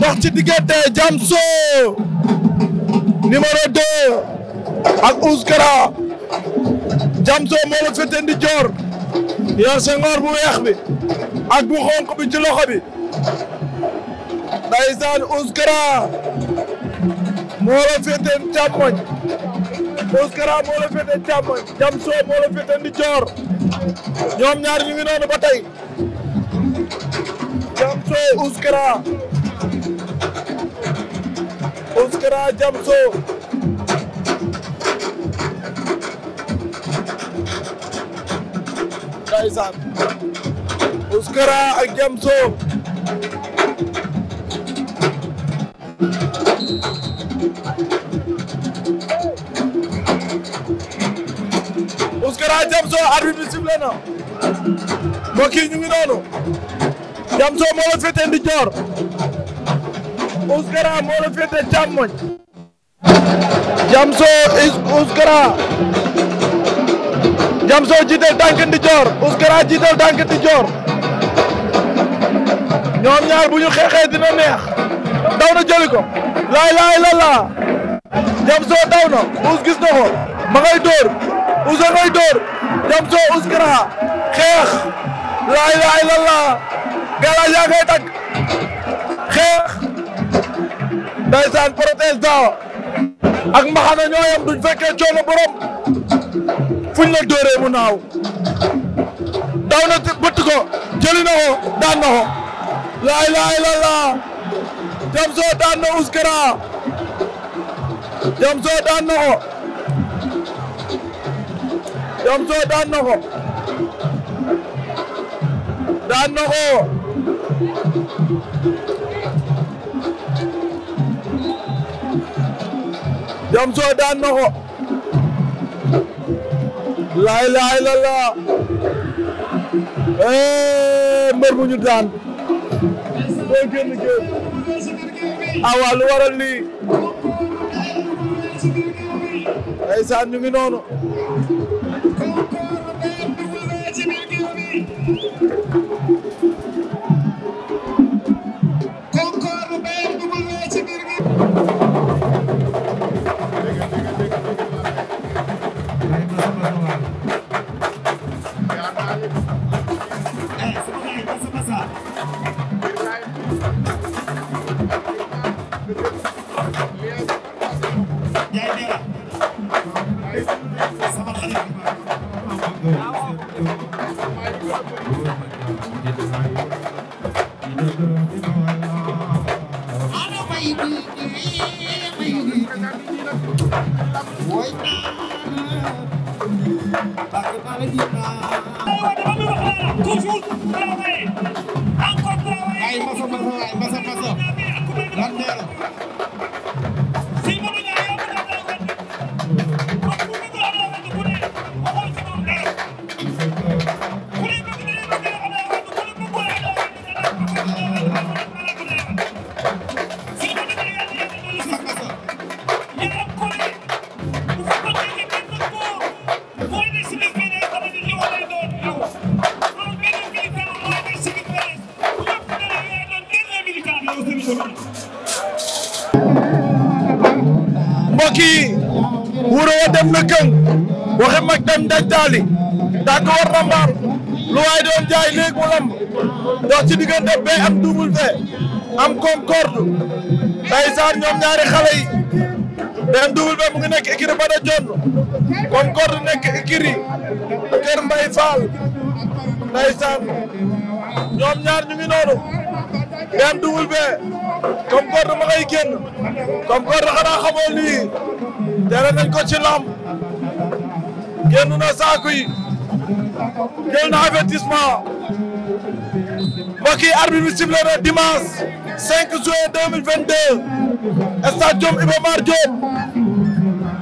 dox ci diggante Jamso numéro 2 ak Ouskara Jamso moo la féete ndi joor yor sengoor bu weex bi ak bu xonq bi ci loxo bi Ndeysaan Ouskara moo la féete càmmoñ Ouskara moo la féete moo la féete ndi joor ñoom ñaar ngi noonu ba tey Jamso Ouskara Ouskara Jamso ndeysaan Ouskara ak Jamso Ouskara Jamso arbitre bi sifflé na mbokk yi ñu ngi noonu Diam Sow moo la féete ndijoor Ouskara moo la féete càmmoñ Diam Sow Ouskara Diam Sow jiital tànk ndijoor Ouskara jiital tànk ndijoor ñoom ñaar bu ñu xeexee dina neex daw na la laa Diam Sow daw na us gis ma ngay dóor usa ngay dóor Diam Sow Ouskara xeex laay laay la laa garage yaa ngay tag xeex ndeysaan protège dent ak mbaxana ñoo yam fekkee coono borom fuñ la dóoree mu naaw daw na bëtt daan na ko laa ilaaha illallaah Jamso daan na Ouskara Jamso daan na ko Jamso daan na ko daan na ko Jamso daan na ko. laa ilaaha illallaah. mbër ñu daan. boo génn géej. Ah, awa lu waral lii. ndeysaan ñu ngi noonu. Bally tànk war lu waay doon jaay léegi mu lamb ci diggante B ak double V am concorde ndeysaan ñoom ñaari xale yi benn double V mu ngi nekk écurie Bada Dione concorde nekk écurie Kër Mbaye Fall ndeysaan ñoom ñaar ñu ngi noonu benn double V concorde ma ngay génn concorde xanaa xamoo lii tere nañ ko ci lamb génn na saako yi jël na avertissement mbokk yi arbitre bi sifflé na dimanche 5 juillet 2022 stade Iba Mar Diop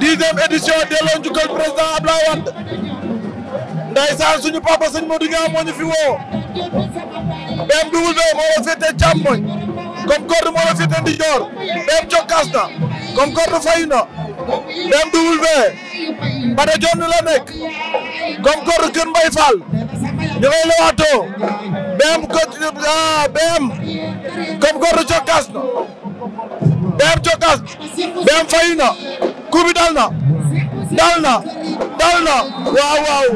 dixième édition delloo njukkal président Abdoulaye Wade ndeysaan suñu papa sëñ Modou Niang moo ñu fi woo BMW moo la féete càmmoñ comme corde moo la féete ndijoor dem cokkaas na comme corde fayu BMW Bada Dione la nekk Gomkor Kër Mbaye Fall ñu ngay lewaatoo BM continue ah BM Gomkor cokkaas na BM cokkaas BM fayu na coup bi dal na dal na dal na waaw waaw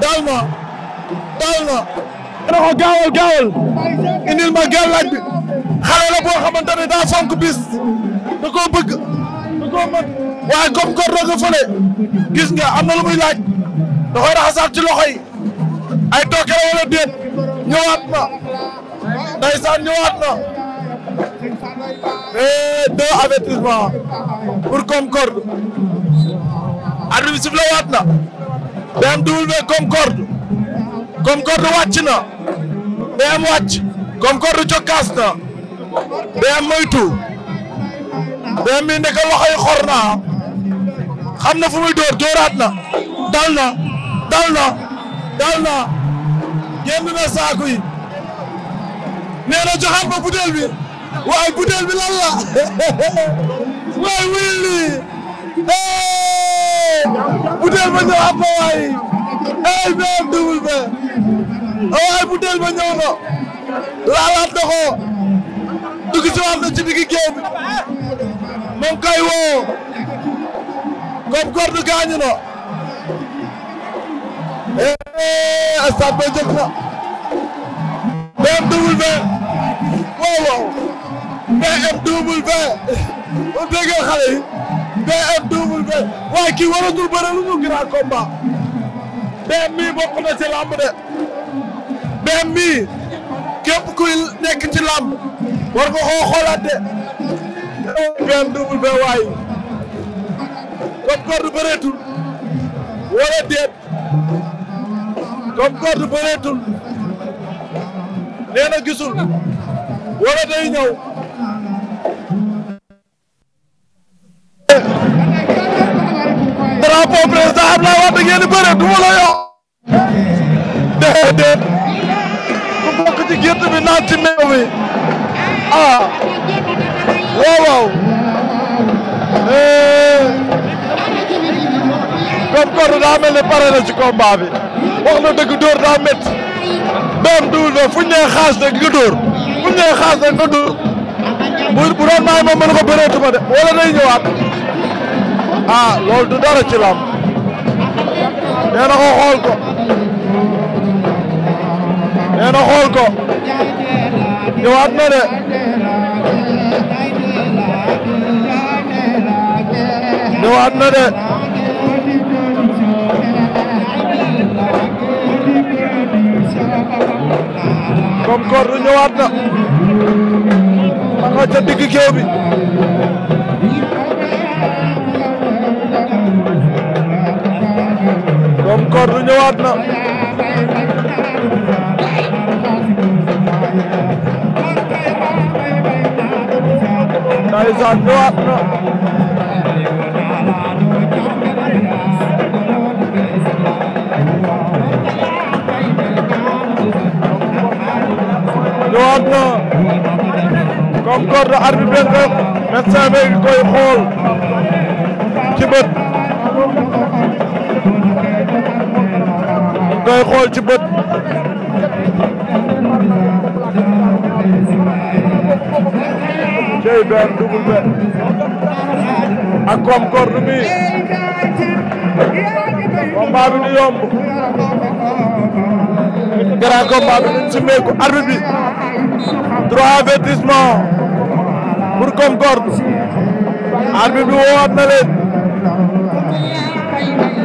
dal na dal na ma gel laaj bi la boo xamante daa fonk bis da koo koo waaye comme góor doog a gis nga am muy laaj da koy ci loxo yi ay tooke la wala déet ñëwaat na ndeysaan ñëwaat na et eh, deux avertissement pour Concorde arbitre bi waat na BMW Concorde Concorde wàcc na BM wàcc Concorde cokkaas na BM moytu Bébé Mbine ndeke loxo xor naa xam na fu muy dóor dóoraat na dal na dal na dal na génn na saaku yi nee na joxaat ma butéel bi waaye butéel bi lan la waaye wili butéel ba ñëwaat ma waaye ay BMW waaye butéel ba ñëw na laalaat na ko dugg ci waat na ci digg géew bi mu ngi koy woo Ngom Gorgui gaañu na ee eh, stade ba jëkk na BMW waaw waaw BMW ba déggee xale yi BMW waaye kii waratul bëre lu ñu grand combat BM mi bokk na ci làmb de BM mi képp kuy nekk ci làmb war nga koo de BMW waay comme bëreetul wala déet comme Codou bëreetul nee na gisul wala day ñëw. drapeau président Abdoulaye Wade bi naat ci meew bi waaw waaw doom eh. Kordu daa mel ne pare na ci combat bi wax na dëgg dóor daa métti doom duul na fu ñu nee xaas nag fu ñu nee xaas bu bu maay ma mën ko bëreetuma de wala day ñëwaat ah loolu du dara ci lam nee na ko xool ko ko ñëwaat na de. ñëwaat na de Concorde ñëwaat na ma nga ca digg géew bi Concorde ñëwaat na Ndeysaan na ñëwaat na Concorde arbitre bi médecin bi koy xool ci bët koy xool ci bët cey benn double benn ak Concorde bi combat bi du yomb grand combat bi duñ ci meeku arbitre bi trois avertissement pour Concorde arbitre bi woowaat na leen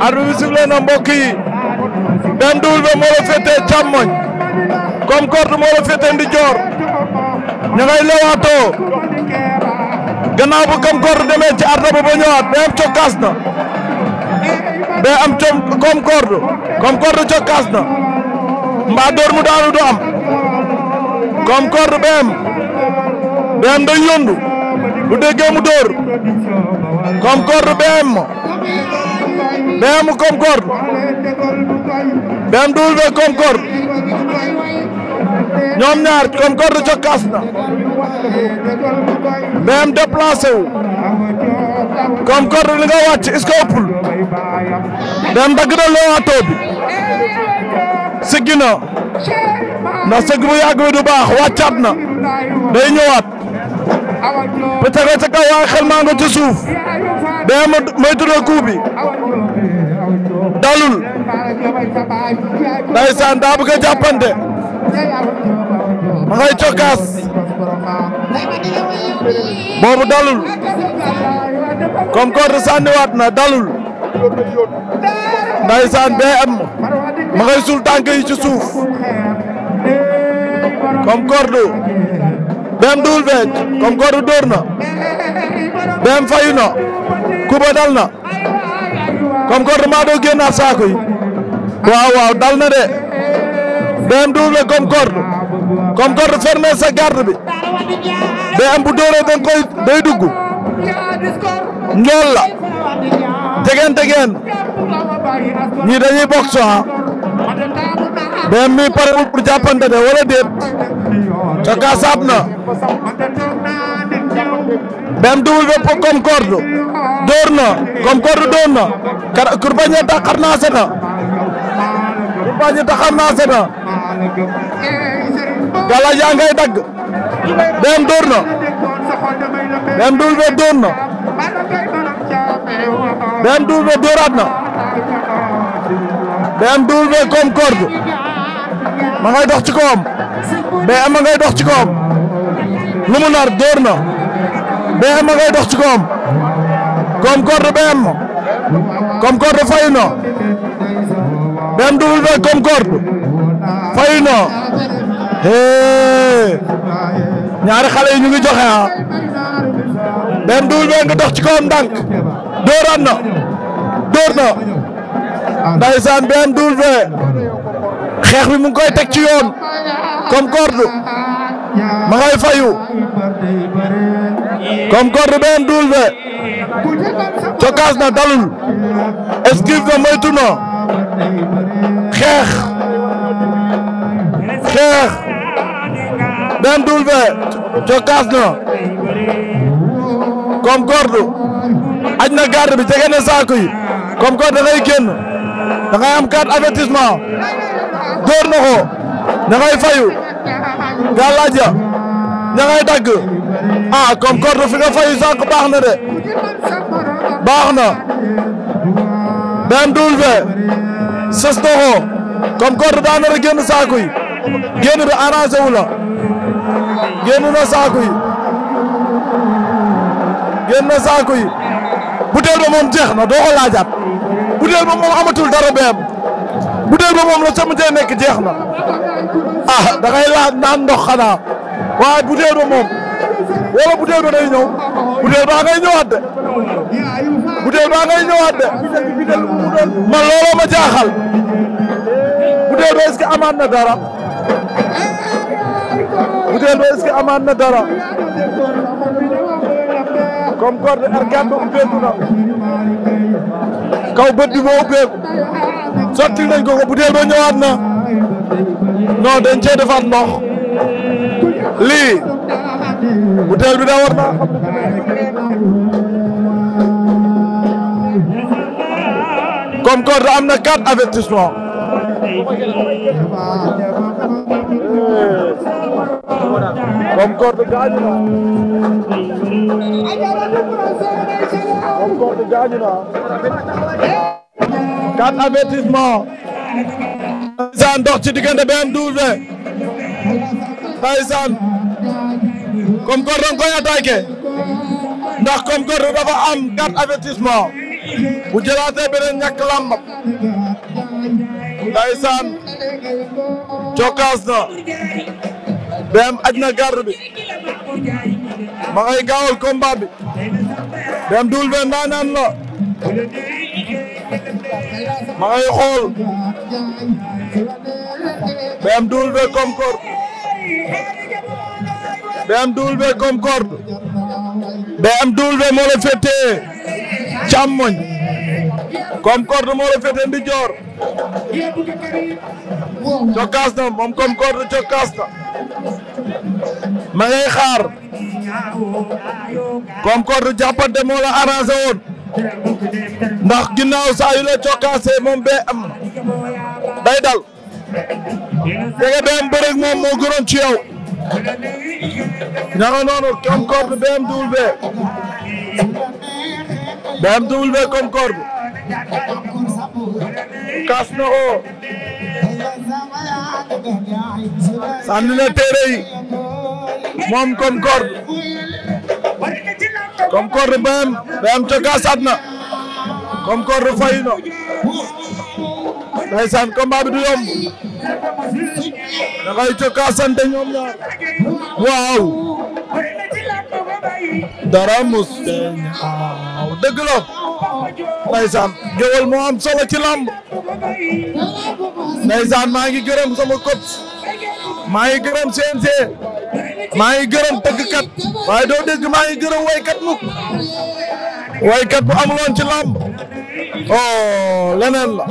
arbitre bi sifflé na mbokk yi Dame Double moo la féetee càmmoñ Concorde moo la féetee ndijoor ña ngay lewaatoo gannaaw bu Concorde demee ci arda ba ba ñëwaat ba am cokkaas na ba am com Concorde Concorde cokkaas na mbaa door mu daanu du am Concorde BM BM day yóndu bu déggee mu dóor Concorde BM BM Concorde BM W Concorde ñoom ñaar Concorde cokkaas na BM déplacé wu Concorde li nga wàcc est-ce que ëppul BM dagg siggi na ndax sëgg bu yàgg bi du baax wàccaat na day ñëwaat pete nga ca kaw xel maa ci suuf day am moytu na coup bi dalul ndaysaan daa bëgg a jàppante ma ngay cokkaas boobu dalul comme corde sànniwaat na dalul ndaysaan bee am ma ngay ci suuf Concorde BM double V Concorde dóor na BM fayu na Kuba dal na Concorde maa doo génnaat saako yi waaw waaw dal na de BM double V Concorde Concorde fermer sa garde bi BM bu dóoree da koy day dugg njool la tegen tegen ñii dañuy bokk soxna ah. BM mi pare pour de wala déet. Taka saab na BMW Concorde door na Concorde door na kurbañe taxar na sena kurbañe gala yaa ngay dagg BMW door na BMW door na BMW dooraat na BMW ma ngay dox ci kawam Bébé Ama ngay dox ci kawam lu mu nar dóor na Bébé Ama ngay dox ci kawam Concorde Bébé Ama Concorde fayu na BMW Concorde fayu na hee ñaari xale yi ñu ngi joxe ah BMW nga dox ci kawam ndànk dóoraan na dóor na. ndaysaan BMW xeex bi mu ngi koy teg ci yoon Concorde ma ngay fayu Concorde BMW cokaas na dalul esquive na moytu na xeex xeex BMW cokaas na Concorde aj na garde bi jege na saako yi Concorde da ngay génn da ngay am carte avertissement door na ko da ngay fayu gàllaaj ya da dagg ah comme corde fi nga fayu sànq baax na de baax na benn duul be sës comme corde daa nar a génn saaku yi génn bi arrangé wu na saaku yi na saaku yi bu moom jeex na doo ko Butéel ba moom amatul dara beem Butéel ba moom la na ah da Butéel ba moom ngay ñëwaat de Butéel ba ngay ñëwaat de man looloo ma jaaxal Butéel ba est-ce na dara Butéel ba est-ce na dara. Concorde R4 ubbeeku na kaw bët bi moo ubbeeku sotti nañ ko ko butéel ba ñëwaat na non dañ cee defaat ndox lii butéel bi daa war naa xam am na quatre avertissement Concorde gaañu na Concorde gaañu na quatre avertissement ndeysaan dox ci diggante BMW ndeysaan Concorde danga koy attaqué ndax Concorde dafa am quatre avertissement bu jëlaatee beneen ñàkk ndaysaan cokkaas na Bem aj na gaawal combat bi Bem Double Vé ndaanaan la ma ngay xool Bem Double Vé Concorde Bem Double Vé Concorde Bem Double Vé moo la féetee càmmoñ Concorde cokkaas na moom comme Codou cokkaas na ma ngay xaar comme Codou jàppante moo la arrangé woon ndax ginnaaw saa yu la cokkaasee moom ci yow kaas na ko sànni na téere moom Concorde Concorde bayam bayam ca kaasaat na Concorde fay na ndeysaan combat bi du yomb da ngay ca kaasante ñoom ñaar waaw dara mus deñ dëgg la ndeysaan géwél moo am solo ci lamb ndeysaan maa ngi gërëm sama kot maa ngi gërëm CNG maa ngi gërëm tëggkat waaye doo dégg maa ngi gërëm waykat mukk waykat bu amuloon ci lamb oh leneen la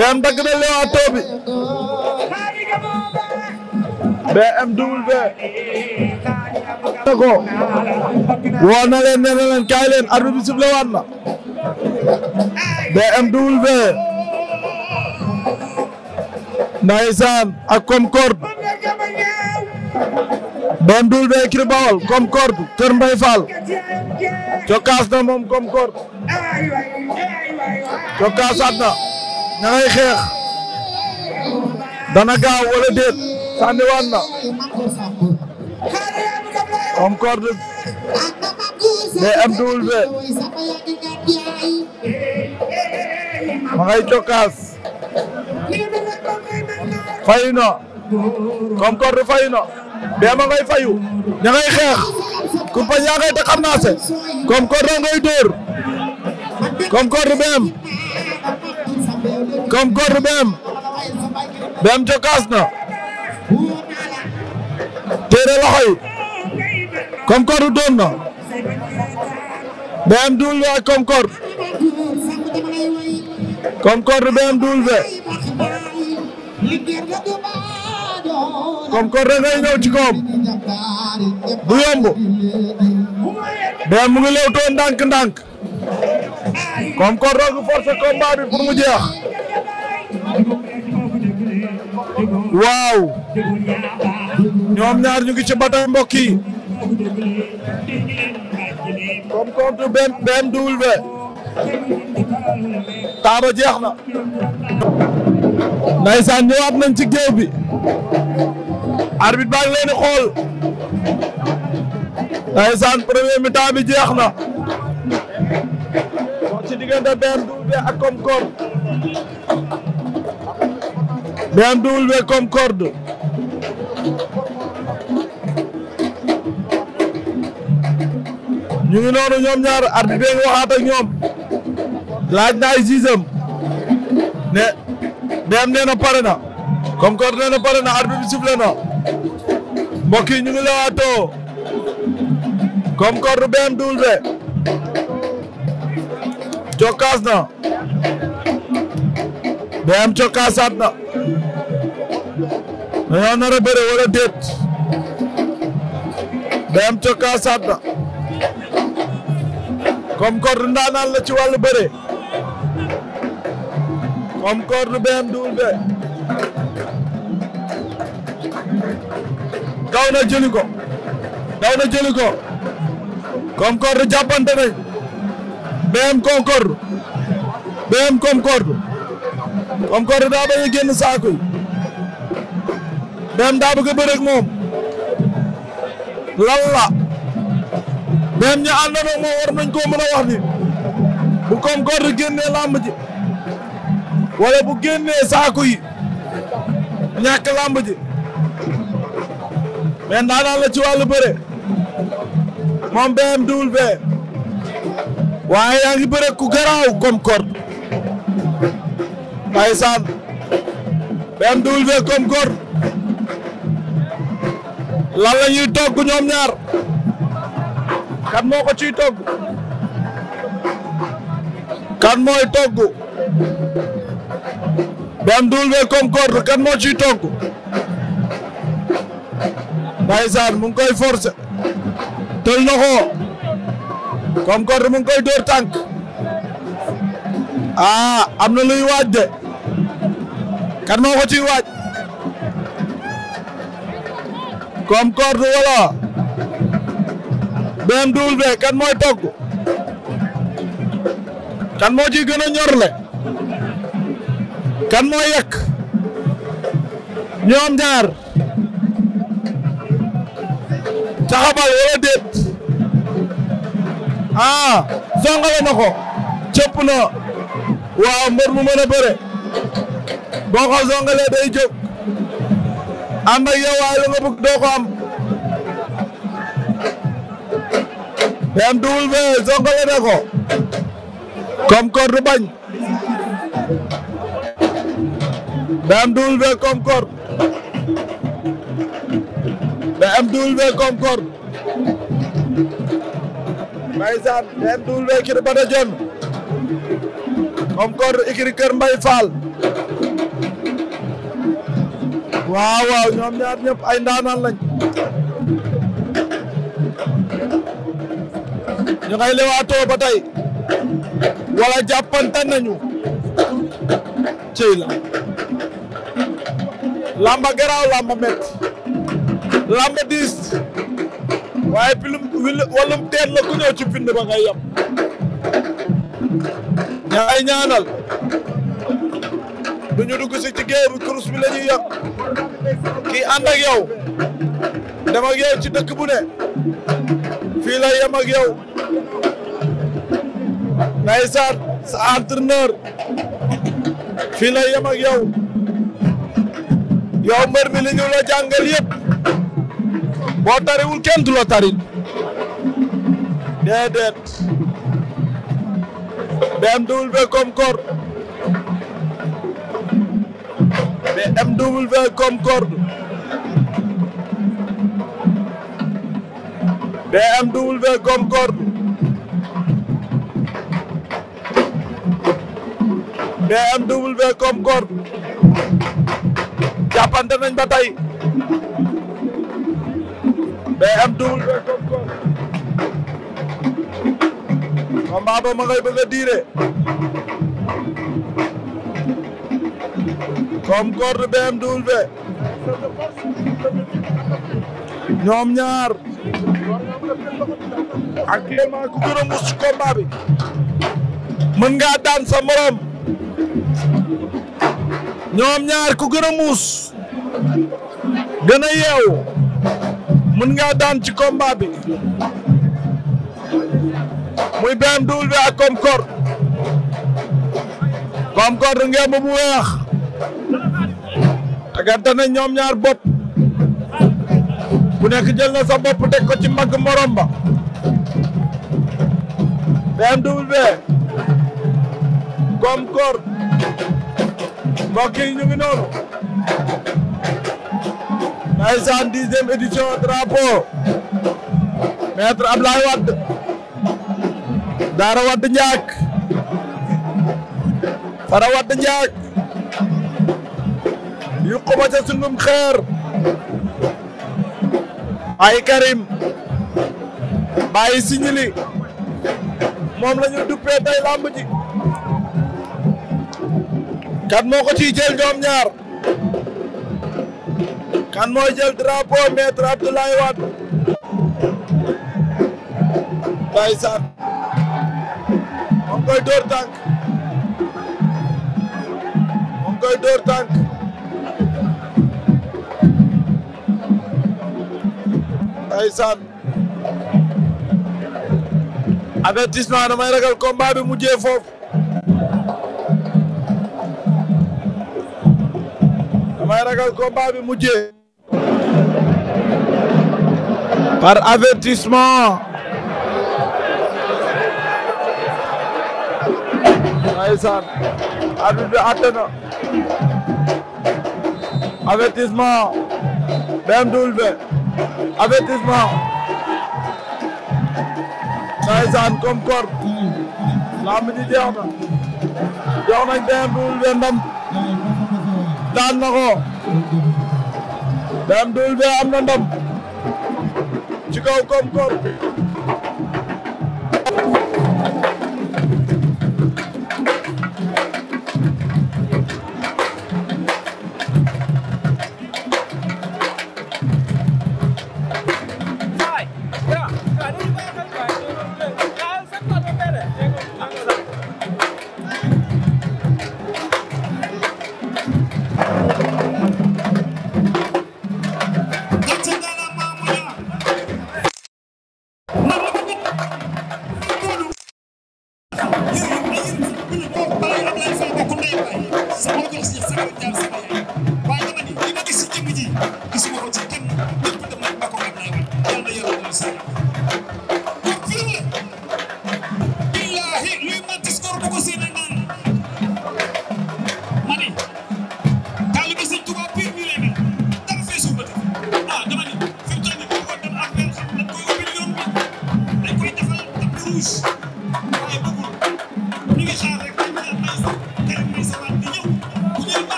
ren dagg na Leewtoo bi BMW na ko woo na leen nee na leen kaay leen arbitre bi sifflé waat na BMW ndaysaan ak Concorde BMW kiri Bawol Concorde Kër xeex dana gaaw sànni waan na Concorde BMW ma ngay cokkaas fayu na Concorde fayu na bee ma ngay fayu xeex Compagnie ngay taxam naa se Concorde ngay dóor Concorde BM Concorde BM cokkaas na téere loxo yi Concorde doon na BMW ak Concorde Concorde BMW Concorde ngay ñëw ci koom bu yomb BMW mu ngi lew too ndànk-ndànk Concorde roog forcé combat bi pour mu jeex waaw ñoom ñaar ñu ngi ci bataay mbokk yi comme contre BMW taaba jeex na ndaysaan ñëwaat nañ ci géew bi arbitre baa ngi leen di xool ndaysaan premier mi-temps bi jeex na ci diggante ak Koom Koom day am W comme corde ñu ngi noonu ñoom ñaar arbitre bi waxaat ak ñoom laaj na ay sixième ne day am nee na pare na comme corde nee na pare na arbitre bi sifflé na mbokk ñu ngi lewaatoo comme corde BMW jokkaas na Birame cokkaasaat na dañoo nar a bëre wala déet Birame cokkaasaat na Concorde la ci wàllu bëre Concorde Birame Double Vé na jëli ko daw na jëli ko Concorde jàppante nañ Birame Concorde Birame Tom Cody daa bañ a génn saako yi Bem daa bëgg a bëreeg moom lan la ña àndoon ak moom war nañ koo mën a wax ni bu Tom Cody génnee làmb ji wala bu génnee saako yi ñàkk làmb ji mais daanaka la ci wàllu bëre moom Bem double B waaye yaa ngi bëreeg ku garaaw Tom Cody. ndeysaan BMW comme góor lan la ñuy togg ñoom ñaar kan moo ko ciy togg kan mooy togg BMW comme góor kan moo ciy togg ndeysaan mu ngi koy forcer tël na ko comme góor mu koy dóor tànk ah am na luy waaj de kan moo ko ciy waaj. Concorde wala BMW kan mooy togg kan moo ciy gën a ñorle kan moo yekk ñoom ñaar taxabal wala déet ah zongale na ko cëpp na waaw mbër mu mën a bëre boo ko zongalee day jóg ànd ak yow waaye lu nga bëgg doo ko am BMW zongale na ko comme corde bañ BMW comme corde BMW comme corde Mbaye Sane BMW kii di Bada Dieng comme corde ikiri kër Mbaye Fall waaw waaw ñoom ñaar ñëpp ay ndaanaan lañ ñu ngay lewaatoo ba tey wala jàppante nañu cëy la lamba garaaw lamba met lamba diis waaye pilum walum teen la ku ñëw ba ngay yam ña ay ñaanal duñu dugg si ci géew kurus bi ñuy yàq kii ànd ak yow dem ak ci dëkk bu ne fii la yem ak yow ndeysaan sa entraîneur fii la yem ak yow yow mbër mi li ñu la jàngal yëpp boo tariwul kenn du la taril déedéet BMW comme corps de MW Concorde BMW Concorde BMW Concorde jàppante nañ ba tey BMW Concorde combat ba ma ngay bëgg a diire Concorde BMW ñoom ñaar actuellement ku gën a muus ci combat bi mën ngaa daan sa morom ñoom ñaar ku gën a muus gën a yeewu mën ngaa daan ci combat bi muy BMW ak Concorde Concorde ngeen bu weex tegante na ñoom ñaar bopp ku nekk jël na sa bopp teg ko ci mbagg morom ba BMW Concorde mbokk yi ñu ngi noonu ndeysaan dixième édition drapeau maître Ablaye Wade Daara Wade Ndiak Fara Wade Ndiak ñu xoba ca sungum ay Karim bàyyi siñili moom la ñu duppee tey làmb kan moo ko ciy jël ñoom ñaar kan mooy jël drapeau maître Abdoulaye Wade ndeysaan moom koy dóor tànk moom koy dóor tànk ndeysaan avertissement damay ragal combat bi mujjee foofu damay ragal combat bi mujjee par avertissement ndeysaan arbitre bi àtte na avertissement BMW avertissement ndaysaan comme kor lamb ji jeex na jox nañ BMW ndam daan na ko BMW am ndam ci kaw comme kor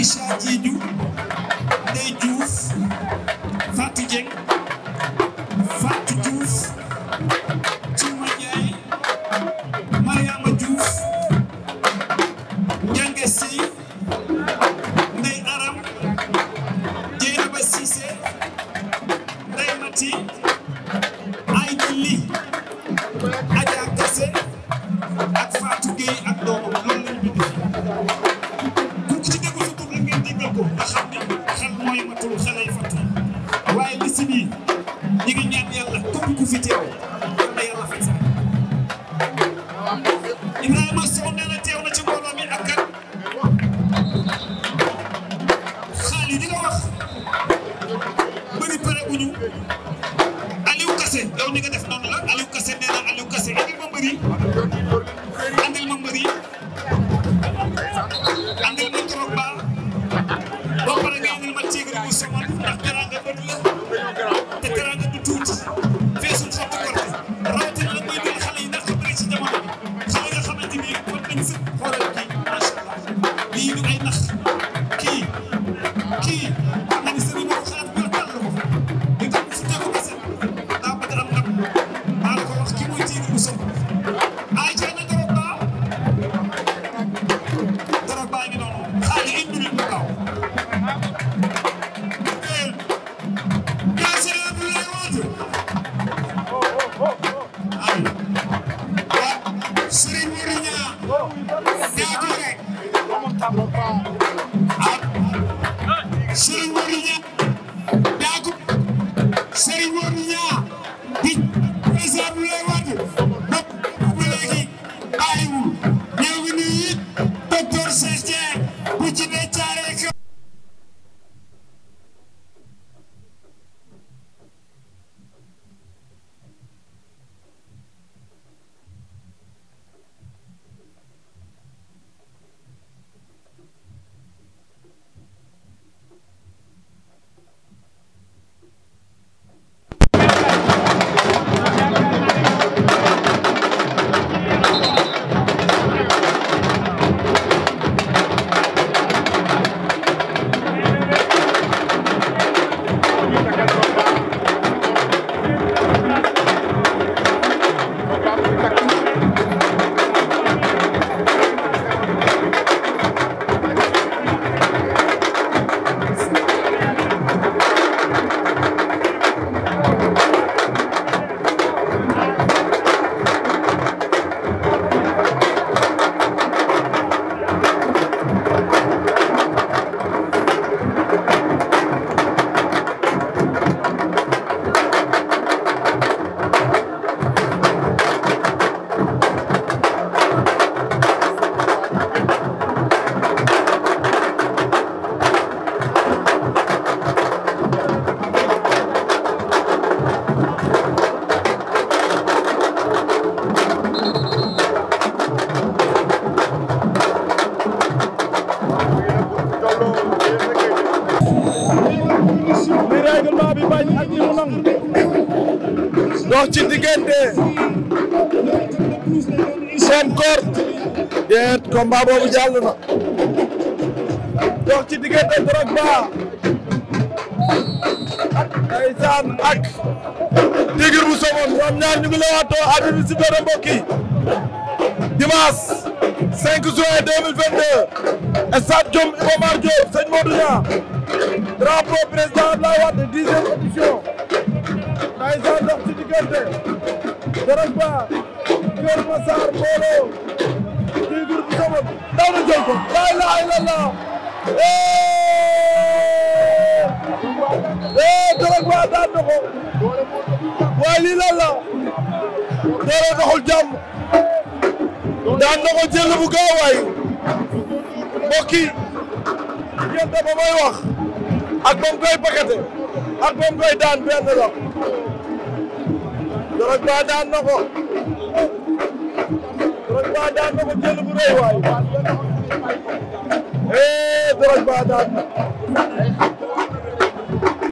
Aïcha Diédhiou Ndeye Diouf Fatou Dieng diggante seen koor déet combat boobu jàll na dox ci diggante Drogba ak Ndeysaan ak Tigre bu Somone ñoom ñaar ñu ngi leewaatoo arbitre bi sifflé na mbokk yi dimanche 5 juin 2022 stade Jom Iba Mar Diop sëñ Modou Niang drapeau président Abdoulaye Wade dixième édition Ndeysaan dox ci diggante Darack Ba Kër Massar mbooloo kii gur bu sama daw na jël ko la ilaha illallah eh eh Darack waaye lii lan la dara doxul jàmm daan na ko jël bu gaaw waay mbokk yi yéen dama may wax ak moom koy pakete ak moom koy daan Brogne Ba daan na ko Brogne Ba daan na ko jël bu rëy waay eh Brogne Ba daan na